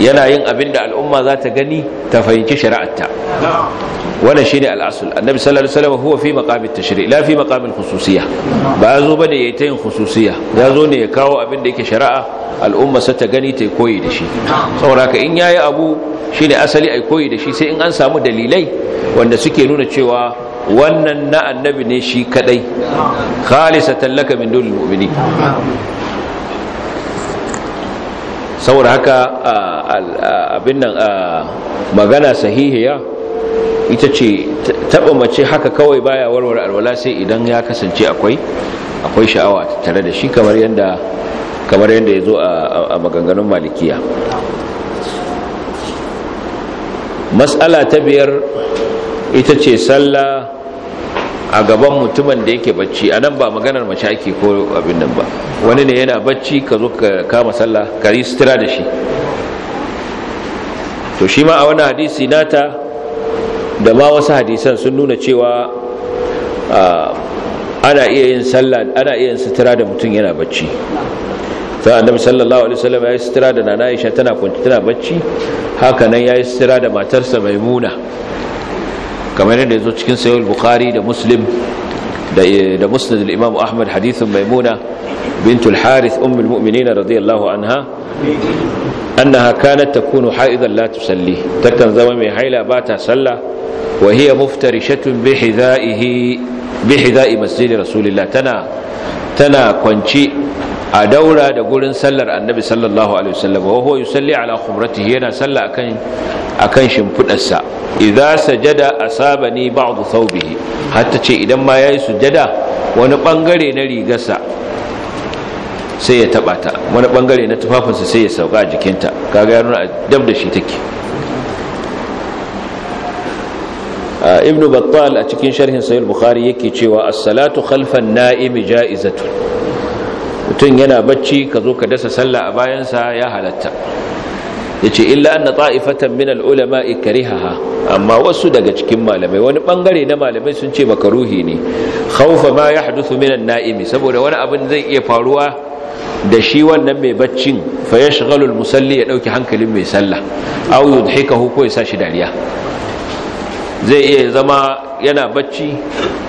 yana yin abin da al'umma za ta gani ta fahimci shari'arta wannan shine al'asul annabi sallallahu alaihi wasallam huwa fi maqamit tashri' la fi maqamil khususiyya ba ne bane yayi ta yin khususiyya ya zo ne ya kawo abin da yake shari'a al'umma sa ta gani ta koyi da shi saboda ka in yayi abu shine asali ai koyi da shi sai in an samu dalilai wanda suke nuna cewa wannan na annabi ne shi kadai khalisatan laka min dunil mu'minin saboda haka abin nan magana sahihiya ita ce taɓa mace haka kawai baya warware alwala sai idan ya kasance akwai akwai sha'awa tare da shi kamar yadda kamar yadda ya zo a maganganun malikiya matsala ta biyar ita ce sallah a gaban mutumin da yake bacci a nan ba maganar mashaki ko abin nan ba wani ne yana bacci ka zo ka kama sallah ka yi sutura da shi to shi ma a wani hadisi nata da ma wasu hadisan sun nuna cewa ana iya yin sallah ana iya yin sutura da mutum yana bacci ta annabi sallallahu alaihi wasallam yi sutura da nana Aisha tana kwanci tana bacci haka nan yi sutura da matarsa Maimuna kamar yadda ya zo cikin sayar bukhari da muslim da musnad al-imam ahmad hadithin maimuna bintul harith ummul mu'minin radiyallahu anha annaha kanat takunu haidan la tusalli takan zama mai haila ba ta sallah wa hiya muftarishatun bi masjidin bi rasulillah tana tana kwanci a daura da gurin sallar annabi sallallahu alaihi wasallam wa huwa yusalli ala khumratihi yana salla akan akan shimfudarsa, idza sajada asabani ba'd thawbihi hatta ce idan ma yayi sujada wani bangare na rigarsa sai ya taba ta wani bangare na tufafinsa sai ya sauka a jikinta kaga ya nuna dab da shi take ibnu battal a cikin sharhin sahih bukhari yake cewa as-salatu khalfan na'imi ja'izatun mutum yana bacci ka zo ka dasa sallah a bayansa ya halatta yace illa anna ta'ifatan min al-ulama'i karihaha amma wasu daga cikin malamai wani bangare na malamai sun ce makaruhi ne khawfa ma yahduthu min an-na'imi saboda wani abin zai iya faruwa da shi wannan mai baccin fa yashghalu al-musalli ya dauki hankalin mai sallah aw yudhikahu ko ya sa shi dariya zai iya zama yana bacci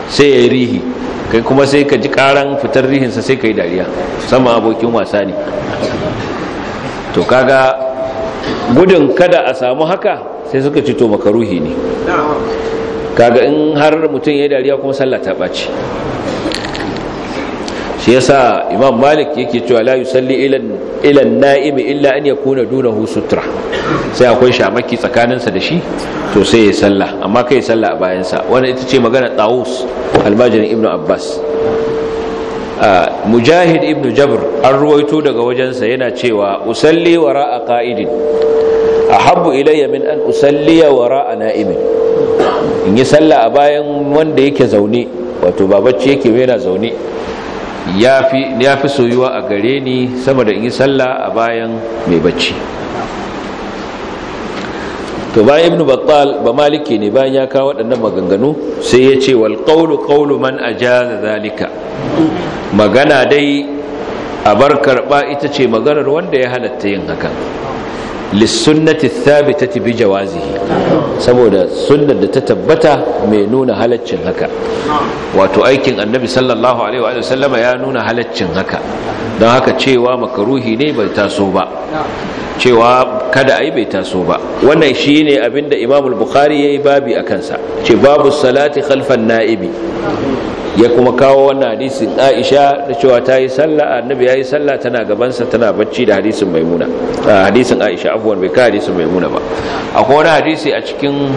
sai ya yi rihi kai kuma sai ka ji karan fitar rihinsa sai ka yi dariya sama abokin wasa ne to kaga gudun kada a samu haka sai suka ci to makaruhi ne kaga in har mutum ya yi dariya kuma sallah ta ɓaci shi yasa imam malik yake cewa la yusalli ilan ilan na'imi illa an yakuna dunahu sutra sai akwai shamaki tsakaninsa da shi to sai ya salla amma kai salla a bayansa wannan ita ce magana tawus almajirin ibnu abbas mujahid ibnu jabr an ruwaito daga sa yana cewa usalli wara'a qa'idin ahabbu ilayya min an usalliya wara'a na'imi in yi salla a bayan wanda yake zaune wato babacci yake yana zaune ya fi soyuwa a gare ni sama da in yi sallah a bayan mai bacci to bayan ibnu battal ba maliki ne bayan ya kawo waɗannan maganganu sai ya ce wal qawlu qawlu man ajaza zalika magana dai a bar karba ita ce maganar wanda ya halatta yin hakan lissunnati ta bi jawazihi saboda sunnar da ta tabbata mai nuna halaccin haka wato aikin annabi sallallahu alaihi wa sallama ya nuna halaccin haka don haka cewa makaruhi ne bai taso ba cewa kada ai bai taso ba wannan shine abinda Imam bukhari yayi babi akan sa ce babu salati khalfan na'ibi ya kuma kawo wannan hadisin Aisha da cewa ta yi sallah annabi ya yi sallah tana gabansa tana bacci da hadisin maimuna ah, hadisin Aisha abuwan bai ka hadisin maimuna ba akwai wani hadisi a cikin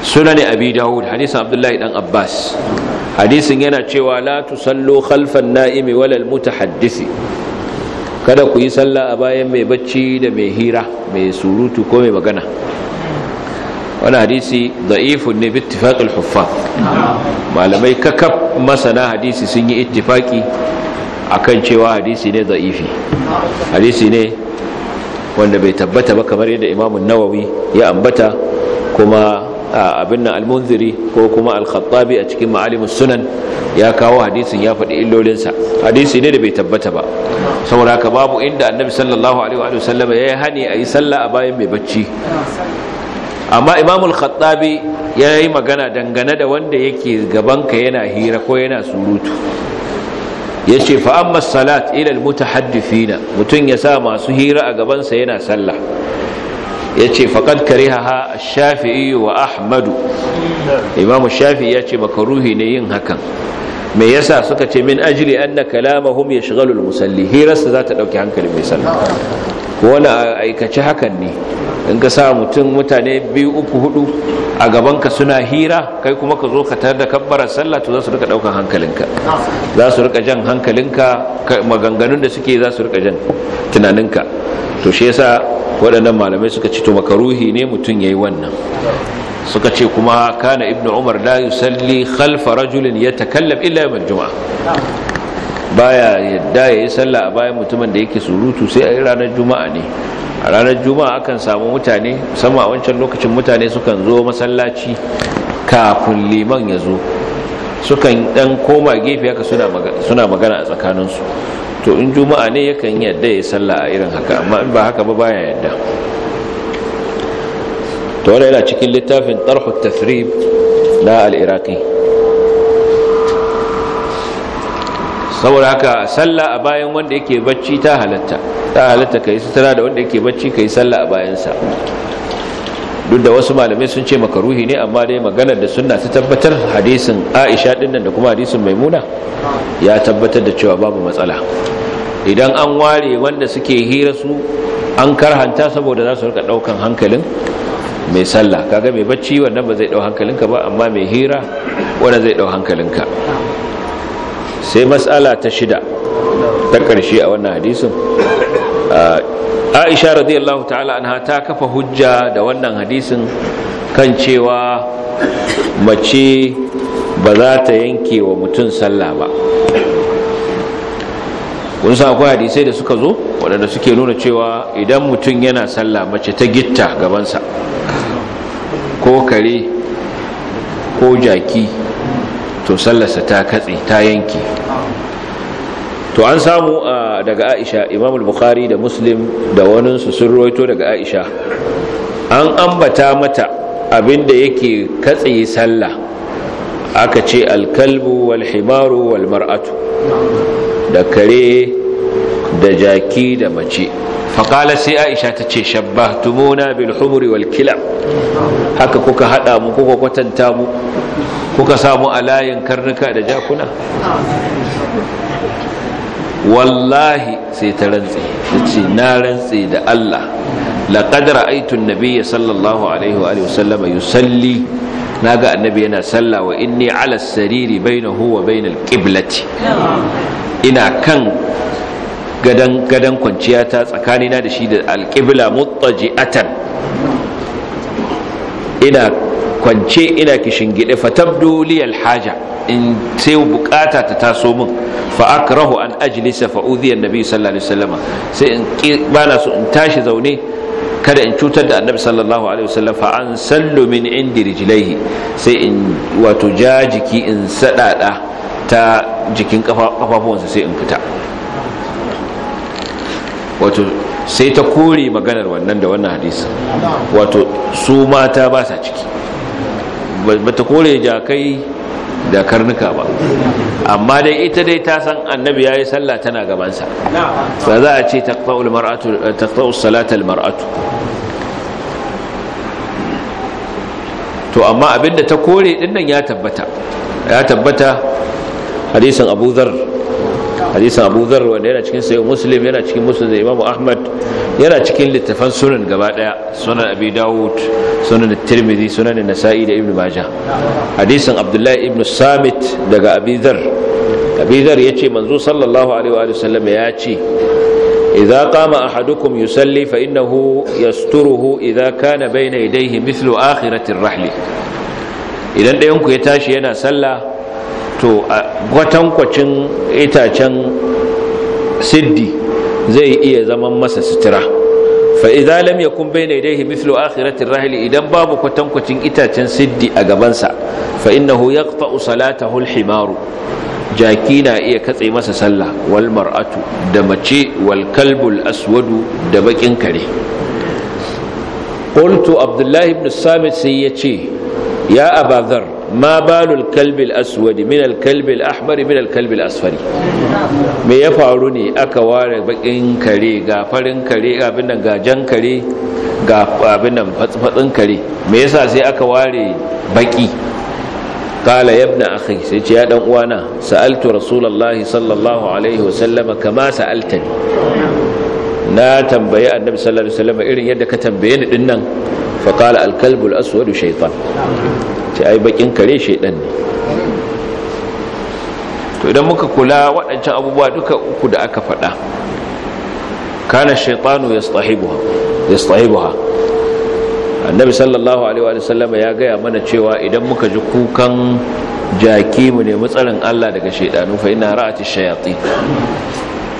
sunan abi dawud hadisin abdullahi dan abbas hadisin yana cewa la tusallu khalfan na'imi wala al mutahaddisi kada ku yi sallah a bayan mai bacci da mai hira mai surutu ko mai magana wani hadisi da'ifun ne bi ittifaqil huffa malamai kakaf masana hadisi sun yi ittifaƙi akan cewa hadisi ne da'ifi hadisi ne wanda bai tabbata ba kamar yadda Imamun Nawawi ya ambata kuma abin na almunziri ko kuma al a cikin Ma'alimus Sunan ya kawo hadisin ya faɗi illolinsa hadisi ne da bai tabbata ba saboda haka babu inda Annabi sallallahu alaihi wa sallama yayi hani ayi sallah a bayan mai bacci amma imamul khattabi ya yi magana dangane da wanda yake gabanka yana hira ko yana surutu ya ce fa'ammas salat ilal mutahaddifina mutum ya sa masu hira a gabansa yana sallah ya ce faƙad A shafi'i wa ahmadu imamu shafi'i ya ce makaruhi ne yin hakan me yasa suka ce min ajili anna kalamahum ya al-musalli hirarsa za ta ɗauki hankali mai sallah wani aikace hakan ne in ka sa mutum mutane biyu uku hudu a gabanka suna hira kai kuma ka zo ka tar da kabbara sallah to za su rika daukan hankalinka za su rika jan hankalinka maganganun da suke za su rika jan tunaninka to shi yasa waɗannan malamai suka ci to makaruhi ne mutum yayi wannan suka ce kuma kana ibnu umar la yusalli khalfa rajulin yatakallam illa yawm al-jum'a baya yadda ya yi sallah a bayan mutumin da yake surutu sai a ranar juma'a ne a ranar juma'a akan samu mutane musamman a wancan lokacin mutane sukan zo masallaci kafin liman ya zo sukan dan koma gefe haka suna magana a tsakaninsu to in juma'a ne yakan yadda ya yi sallah a irin haka amma in ba haka ba baya yadda to yana cikin littafin tarhu tathrib na al-iraqi saboda haka sallah a bayan wanda yake bacci ta halatta ta halatta kai sutura da wanda yake bacci kai sallah a bayansa duk da wasu malamai sun ce makaruhi ne amma dai maganar da sunna ta tabbatar hadisin Aisha din nan da kuma hadisin Maimuna ya tabbatar da cewa babu matsala idan an ware wanda suke hira su an karhanta saboda za su rika daukan hankalin mai sallah kaga mai bacci wannan ba zai dau hankalinka ba amma mai hira wanda zai dau hankalinka sai matsala ta shida ta ƙarshe a wannan hadisin aisha radiyallahu ta'ala anha ta kafa hujja da wannan hadisin kan cewa mace ba za ta yanke wa mutum sallah ba kun sa akwai hadisai da suka zo waɗanda suke nuna cewa idan mutum yana sallah mace ta gitta gabansa ko kare ko jaki to sallarsa ta katse ta yanki to an samu daga aisha imam bukhari da muslim da waninsu sun roito daga aisha an ambata mata abinda yake katse sallah aka ce alkalbu walhimaru, himaru da kare da jaki da mace faƙala sai aisha ta ce shabba tumuna bil humri wal haka kuka haɗa mu kuka kwatanta mu kuka samu a layin karnuka da jakuna wallahi sai ta rantse ce na rantse da Allah laqad ra'aytu an-nabiyya sallallahu alaihi wa sallama yusalli naga annabi yana salla wa inni ala sariri bainahu wa bainal qiblati ina kan gadan gadan kwanciya ta tsakanina da shi da al-qibla muttaji'atan ina kwance ina kishin kishingide fatabdu li alhaja in sai bukata ta taso min fa akrahu an ajlisa fa udhiya annabi sallallahu alaihi wasallam sai in bana so in tashi zaune kada in cutar da annabi sallallahu alaihi wasallam fa an sallu min indi rijlaihi sai in wato jajiki in sadada ta jikin kafafuwansa sai in fita wato sai ta kore maganar wannan da wannan hadisi wato su mata ba sa ciki bata kore jakai da karnuka ba amma dai ita dai ta san annabi yayi sallah tana gabansa fa za a ce taqta'ul mar'atu taqta'us salata al mar'atu to amma abinda ta kore dinnan ya tabbata ya tabbata hadisin Abu Dharr hadisin abu zar wanda yana cikin sayo muslim yana cikin muslim da imamu ahmad yana cikin littafan sunan gaba daya sunan abi dawud sunan tirmidhi sunan nasa'i da ibnu majah hadisin abdullahi ibnu samit daga abi zar abi zar yace manzo sallallahu alaihi wa sallam ya ce إذا قام أحدكم يسلي فإنه يستره إذا كان بين يديه مثل آخرة الرحل إذا أنت ya tashi yana sallah. to kwatankwacin itacen siddi zai iya zaman masa sutura fa'iza lam yakun bayna yadayhi mithlu akhiratir rahli idan babu kwatankwacin itacen siddi a gabansa fa innahu yaqta'u salatahu al-himaru jaki na iya katse masa sallah wal mar'atu da mace wal kalbul aswadu da bakin kare qultu abdullahi ibn samit sai ce ya abadhar ma balul kalbil aswadi min alkalbil ahmari min alkalbil asfari me ya faru ne aka ware bakin kare ga farin kare abin nan ga jan kare ga abin nan fatsin kare me yasa sai aka ware baki قال يا ابن اخي سيتي يا دان uwana sa'altu rasulullahi sallallahu alaihi wa sallama kama sa'altani na tambayi annabi sallallahu alaihi wasallam irin yadda ka tambaye ni din nan fa qala al kalbu al aswad shaytan ce ai bakin kare shaydan ne to idan muka kula waɗancan abubuwa duka uku da aka faɗa kana shaytanu yastahibuha yastahibuha annabi sallallahu alaihi wa ya gaya mana cewa idan muka ji kukan jaki mu nemi tsarin Allah daga shaydanu fa ina ra'ati shayatin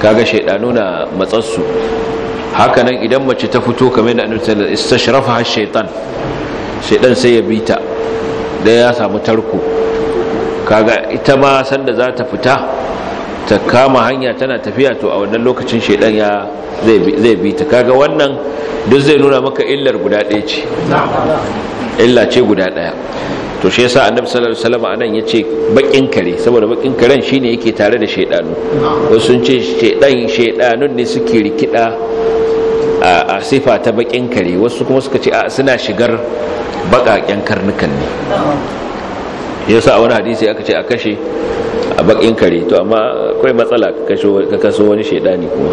kaga shaidanu na matsarsu hakanan idan mace ta fito kamar da annabi sallallahu sharafa istashrafa har shaitan Shaiɗan sai ya bita da ya samu tarko kaga ita ma sanda za ta fita ta kama hanya tana tafiya to a wannan lokacin shaidan ya zai bita kaga wannan duk zai nuna maka illar guda ɗaya ce illa ce guda ɗaya to shi yasa annabi sallallahu alaihi wasallam anan yace bakin kare saboda bakin karen shine yake tare da shaydanu wasu sun ce shaydan shaydanun ne suke rikida a sifa ta bakin kare wasu kuma suka ce suna shigar bakaken karnukan ne yasa a wani hadisi aka ce a kashe a bakin kare to amma akwai matsala ka kaso wani shaidani kuma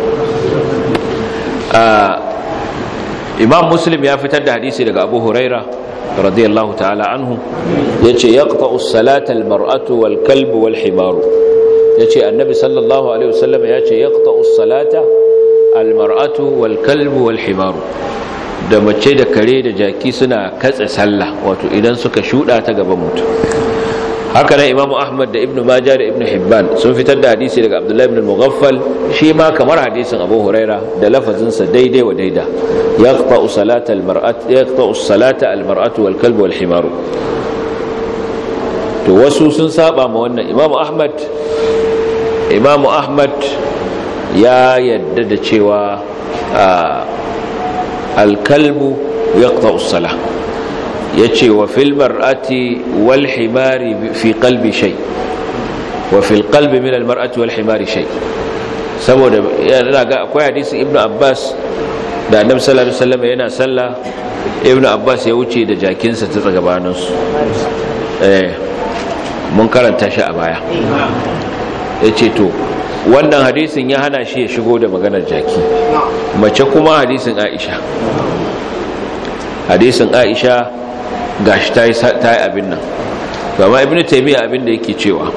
imam muslim ya fitar da hadisi daga abu huraira radiyallahu ta'ala anhu yace yaqta'u as-salata al-mar'atu wal kalbu wal himaru yace annabi sallallahu alaihi wasallam yace yaqta'u as-salata al-mar'atu wal kalbu wal himaru da mace da kare da jaki suna katse sallah wato idan suka shuda ta gaban mutum haka nan imamu ahmad da ibnu majah da ibnu hibban sun fitar da hadisi daga abdullahi ibn mughaffal shi ma kamar hadisin abu huraira da lafazin sa daidai wa daida yaqta'u salata almar'at yaqta'u salata almar'atu wal kalbu wal to wasu sun saba ma wannan imamu ahmad imamu ahmad ya yadda da cewa ah, alkalbu yaqta'u salah ce wa filmar ati wal himari fi kalbi shai wa fil kalbi min almar ati wal himari shai saboda yana ga akwai hadisi Ibn abbas da annabi salari salama yana sallah Ibn abbas ya wuce da jakinsa ta tsagabanin eh, mun karanta shi a baya Ya ce to wannan hadisin ya hana shi ya shigo da maganar jaki mace kuma hadisin aisha hadisin aisha gashi ta yi abin nan gama ibn taimiyya abin da yake cewa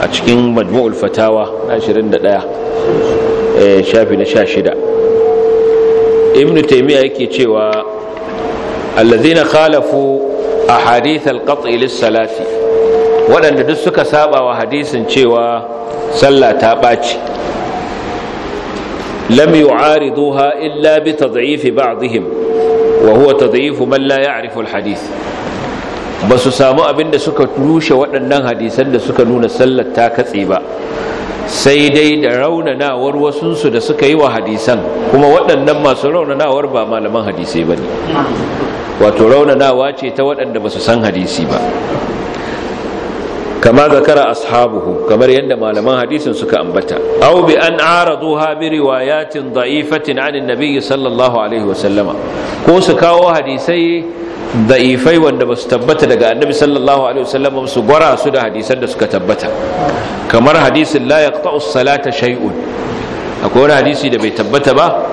a cikin majmu'ul fatawa na 21 eh, shafi na 16 ibn taimiyya yake cewa allazina khalafu ahadith alqat'i lis-salati waɗanda duk suka saba wa hadisin cewa sallah ta ɓaci lam yu'ariduha illa bi za'ifi ba'dihim wa huwa tadhifu man la ya'rifu alhadith ba su samu abin da suka rushe waɗannan hadisan da suka nuna sallar ta katse ba sai dai da raunanawar wasunsu da suka yi wa hadisan kuma waɗannan masu raunanawar ba malaman hadisai ba ne wato raunanawa ce ta waɗanda ba su san hadisi ba kama zakara ashabuhu kamar yadda malaman hadisin suka ambata aw bi an araduha bi riwayatin da'ifatin an annabi sallallahu alaihi wa sallama ko su kawo hadisai da'ifai wanda basu tabbata daga annabi sallallahu alaihi wa sallama su gwara su da hadisan da suka tabbata kamar hadisin la yaqta'u salata shay'un akwai wani hadisi da bai tabbata ba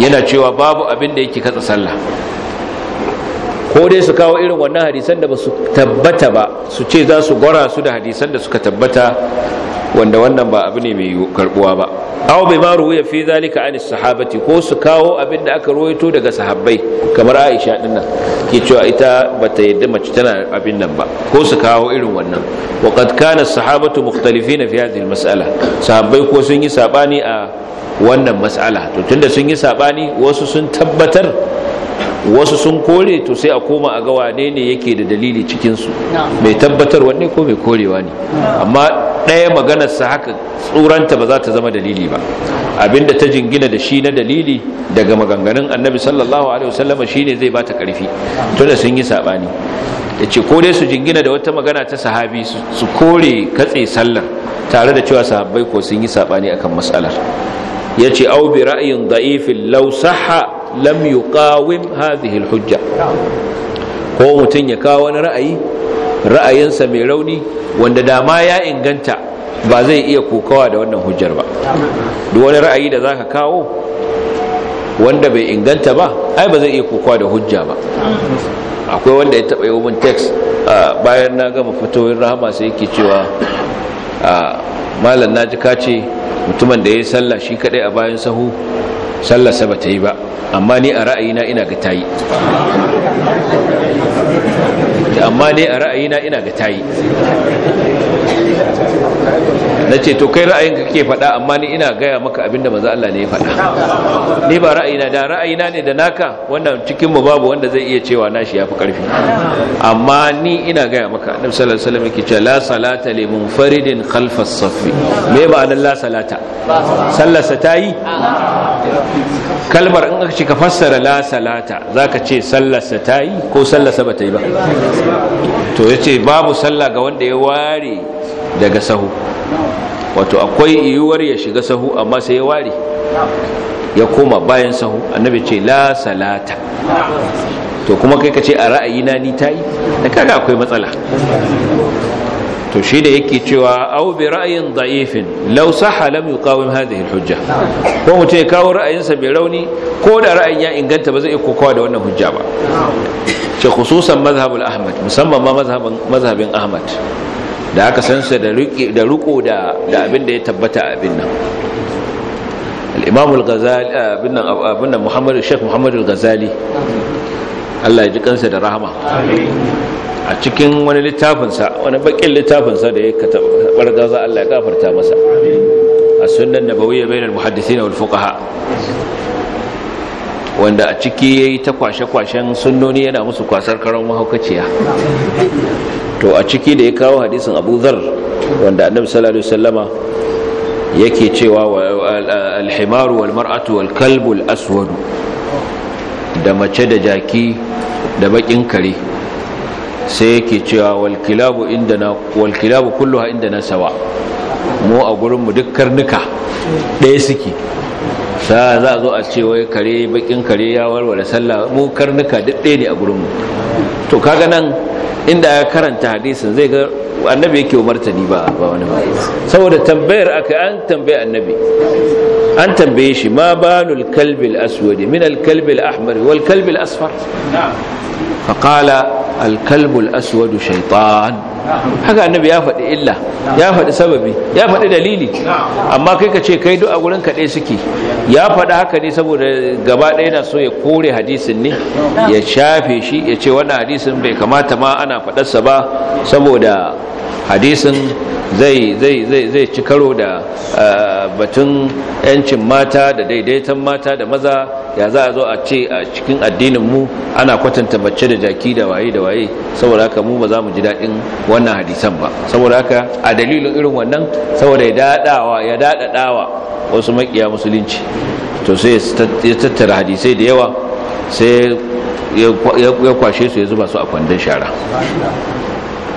yana cewa babu abin da yake katsa sallah ko dai su kawo irin wannan hadisan da ba su tabbata ba su ce za su gwara su da hadisan da suka tabbata wanda wannan ba abu ne mai karbuwa ba aw bai ma ruwaya fi zalika anis sahabati ko su kawo abin da aka ruwaito daga sahabbai kamar Aisha din nan ke cewa ita bata yadda mace tana abin nan ba ko su kawo irin wannan wa qad kana sahabatu mukhtalifina fi hadhihi almas'ala sahabbai ko sun yi sabani a wannan mas'ala to tunda sun yi sabani wasu sun tabbatar wasu sun kore to sai a koma a ga wane ne yake da dalili cikinsu mai tabbatar wanne ko mai korewa ne amma ɗaya maganarsa haka tsuranta ba za ta zama dalili ba abinda ta jingina da shi na dalili daga maganganun annabi sallallahu alaihi wasallama shine zai bata karfi da sun yi sabani yace ko dai su jingina da wata magana ta sahabi su kore katse sallar tare da cewa sahabbai ko sun yi sabani akan mas'alar yace au bi ra'yin da'ifin law sahha lam yuqawim hadhihi alhujja ko mutum ya kawo wani ra'ayi ra'ayinsa mai rauni wanda dama ya inganta ba zai iya kokawa da wannan hujjar ba duk wani ra'ayi da zaka kawo wanda bai inganta ba ai ba zai iya kokawa da hujja ba akwai wanda ya taɓa yi woman text bayan na gama fitowin rahama sai yake cewa malam naji ka ce mutumin da ya yi sallah shi kadai a bayan sahu sallarsa ba ta yi ba amma ni a ra'ayina ina ga tayi amma ne a ra'ayina ina ga tayi na ce to kai ra'ayin ka ke faɗa amma ni ina gaya maka abinda manzo Allah ne ya faɗa ni ba ra'ayina da ra'ayina ne da naka wannan cikin mu babu wanda zai iya cewa nashi yafi karfi amma ni ina gaya maka annabi sallallahu alaihi wasallam yake cewa la salata li munfaridin khalfas safi me ba la salata nata sallarsa ta yi kalmar in aka ce ka fassara la salata za ce sallarsa ta yi ko sallarsa ba ta yi ba to ya ce babu sallah ga wanda ya ware daga sahu wato akwai yiwuwar ya shiga sahu amma sai ya ware ya koma bayan sahu annabi ce la salata to kuma kai ka ce a ra'ayina ni ta yi da kaga akwai matsala to shi da yake cewa au bi ra'ayin da'ifin law sahha lam yuqawim hadhihi al-hujja ko mutum ce kawo ra'ayinsa mai rauni ko da ra'ayin ya inganta ba zai iya kokawa da wannan hujja ba ce khususan mazhabul ahmad musamman ma mazhabin mazhabin ahmad da aka san sa da riƙo da ruko da abin da ya tabbata a abin nan al-imam al-ghazali abin nan abin nan muhammad sheikh muhammad al-ghazali Allah ya ji kansa da rahama a cikin wani littafinsa wani bakin littafinsa da ya katabar gaza Allah ya gafarta masa a sunan nabawiyya bainal na wal ha? wanda a ciki ya yi ta kwashe-kwashen sunnoni yana musu kwasar karon mahaukaciya to a ciki da ya kawo hadisin Abu zar wanda Annabi sallallahu alaihi yake cewa Alhimaru walmar'atu wal mar'atu wal da mace da jaki da bakin kare sai yake cewa walkilabu indana walkilabu kulluha indana sawa mu a gurin mu duk karnuka ɗaya suke sa za zo a ce wai kare bakin kare ya warware sallah mu karnuka duk ɗaya ne a gurin mu to kaga nan inda ya karanta hadisin zai ga annabi yake umarta martani ba ba wani ba saboda tambayar aka an tambaye annabi an tambaye shi ma balul kalbil aswadi min alkalbil ahmar wal kalbil asfar fa alkalbul aswadu haka annabi ya faɗi illa ya faɗi sababi ya faɗi dalili amma kai ka ce kai duk a gurin kaɗai suke ya faɗi haka ne saboda gaba ɗaya na so ya kore hadisin ne ya shafe shi ya ce wannan hadisin bai kamata ma ana faɗarsa ba saboda hadisin zai zai zai zai ci karo da eh, batun yancin mata da daidaitan mata da maza ya za a zo a ce a cikin addinin mu ana kwatanta mace da jaki da waye da waye saboda haka mu ba za mu ji daɗin wannan hadisan ba saboda haka a dalilin irin wannan saboda ya daɗawa ya daɗaɗawa wasu makiya musulunci to sai ya tattara hadisai da yawa sai ya kwashe su ya zuba su a kwandon shara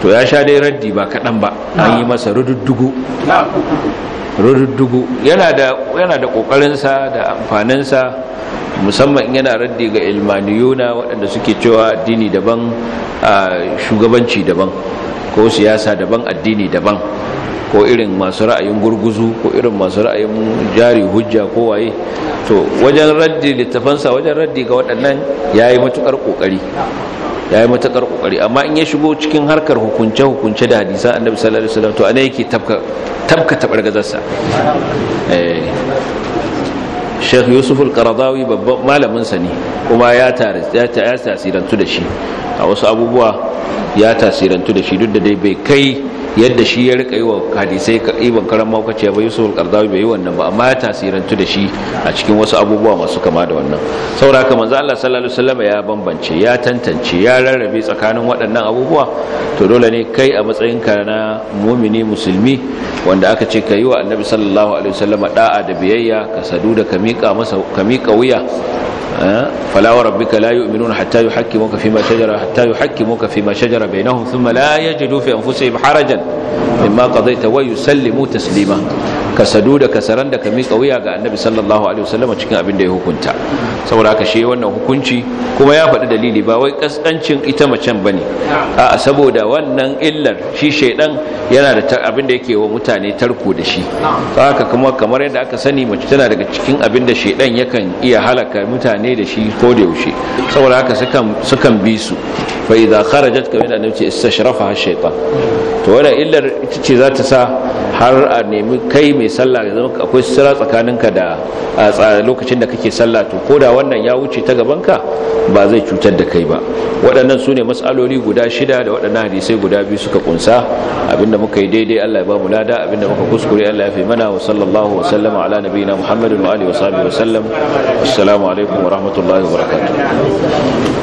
to ya sha dai raddi ba kaɗan ba an yi masa rududdugu rududdugu yana da ƙoƙarinsa da amfaninsa musamman yana raddi ga ilmaniyuna waɗanda suke cewa addini daban a shugabanci daban ko siyasa daban addini daban ko irin masu ra'ayin gurguzu ko irin masu ra'ayin jari hujja ko waye to wajen raddi littafansa wajen raddi ga waɗannan ya yi matuƙar ƙoƙari ya yi matakar ƙoƙari amma in ya shigo cikin harkar hukunce hukunce da hadisan annabi sallallahu alaihi wasallam to ana yake tabka tabka tabargazarsa eh Sheikh Yusuf al-Qaradawi babban malamin sa ne kuma ya tasirantu da shi a wasu abubuwa ya tasirantu da shi duk da dai bai kai yadda shi ya rika yi wa hadisai ibn karan maukaci ba yusuf al-qardawi bai yi wannan ba amma ya tasirantu da shi a cikin wasu abubuwa masu kama da wannan saboda haka manzo Allah sallallahu alaihi wasallam ya bambance ya tantance ya rarrabe tsakanin waɗannan abubuwa to dole ne kai a matsayin ka na mu'mini musulmi wanda aka ce ka yi wa annabi sallallahu alaihi wasallam da'a da biyayya ka sadu da ka miƙa ka miƙa wuya فلا وربك لا يؤمنون حتى يحكموك فيما شجر حتى يحكموك فيما شجر بينهم ثم لا يجدوا في انفسهم حرجا مما قضيت ويسلموا تسليما Kasadu sadu da kasaran da ka miƙa wuya ga annabi sallallahu alaihi wasallam cikin abin da ya hukunta saboda haka shi wannan hukunci kuma ya faɗi dalili ba wai kaskancin ita macen bane a'a saboda wannan illar shi shaiɗan yana da abin da yake wa mutane tarko da shi haka kuma kamar yadda aka sani mace tana daga cikin abin da shaidan yakan iya halaka mutane da shi ko da yaushe saboda haka sukan sukan bi su fa idza kharajat kamar da nace istashrafa shaytan to wannan illar ita ce za ta sa har a nemi kai mai sallah ya zama akwai sira tsakaninka da lokacin da kake sallah to ko da wannan ya wuce ta gabanka ba zai cutar da kai ba waɗannan su ne matsaloli guda shida da waɗannan hadisai guda biyu suka kunsa abinda muka yi daidai Allah ya ba mu lada abinda muka kuskure Allah ya fi mana wa sallallahu wa sallama ala nabiyina Muhammadin wa alihi wa sahbihi wa sallam assalamu alaikum wa rahmatullahi wa barakatuh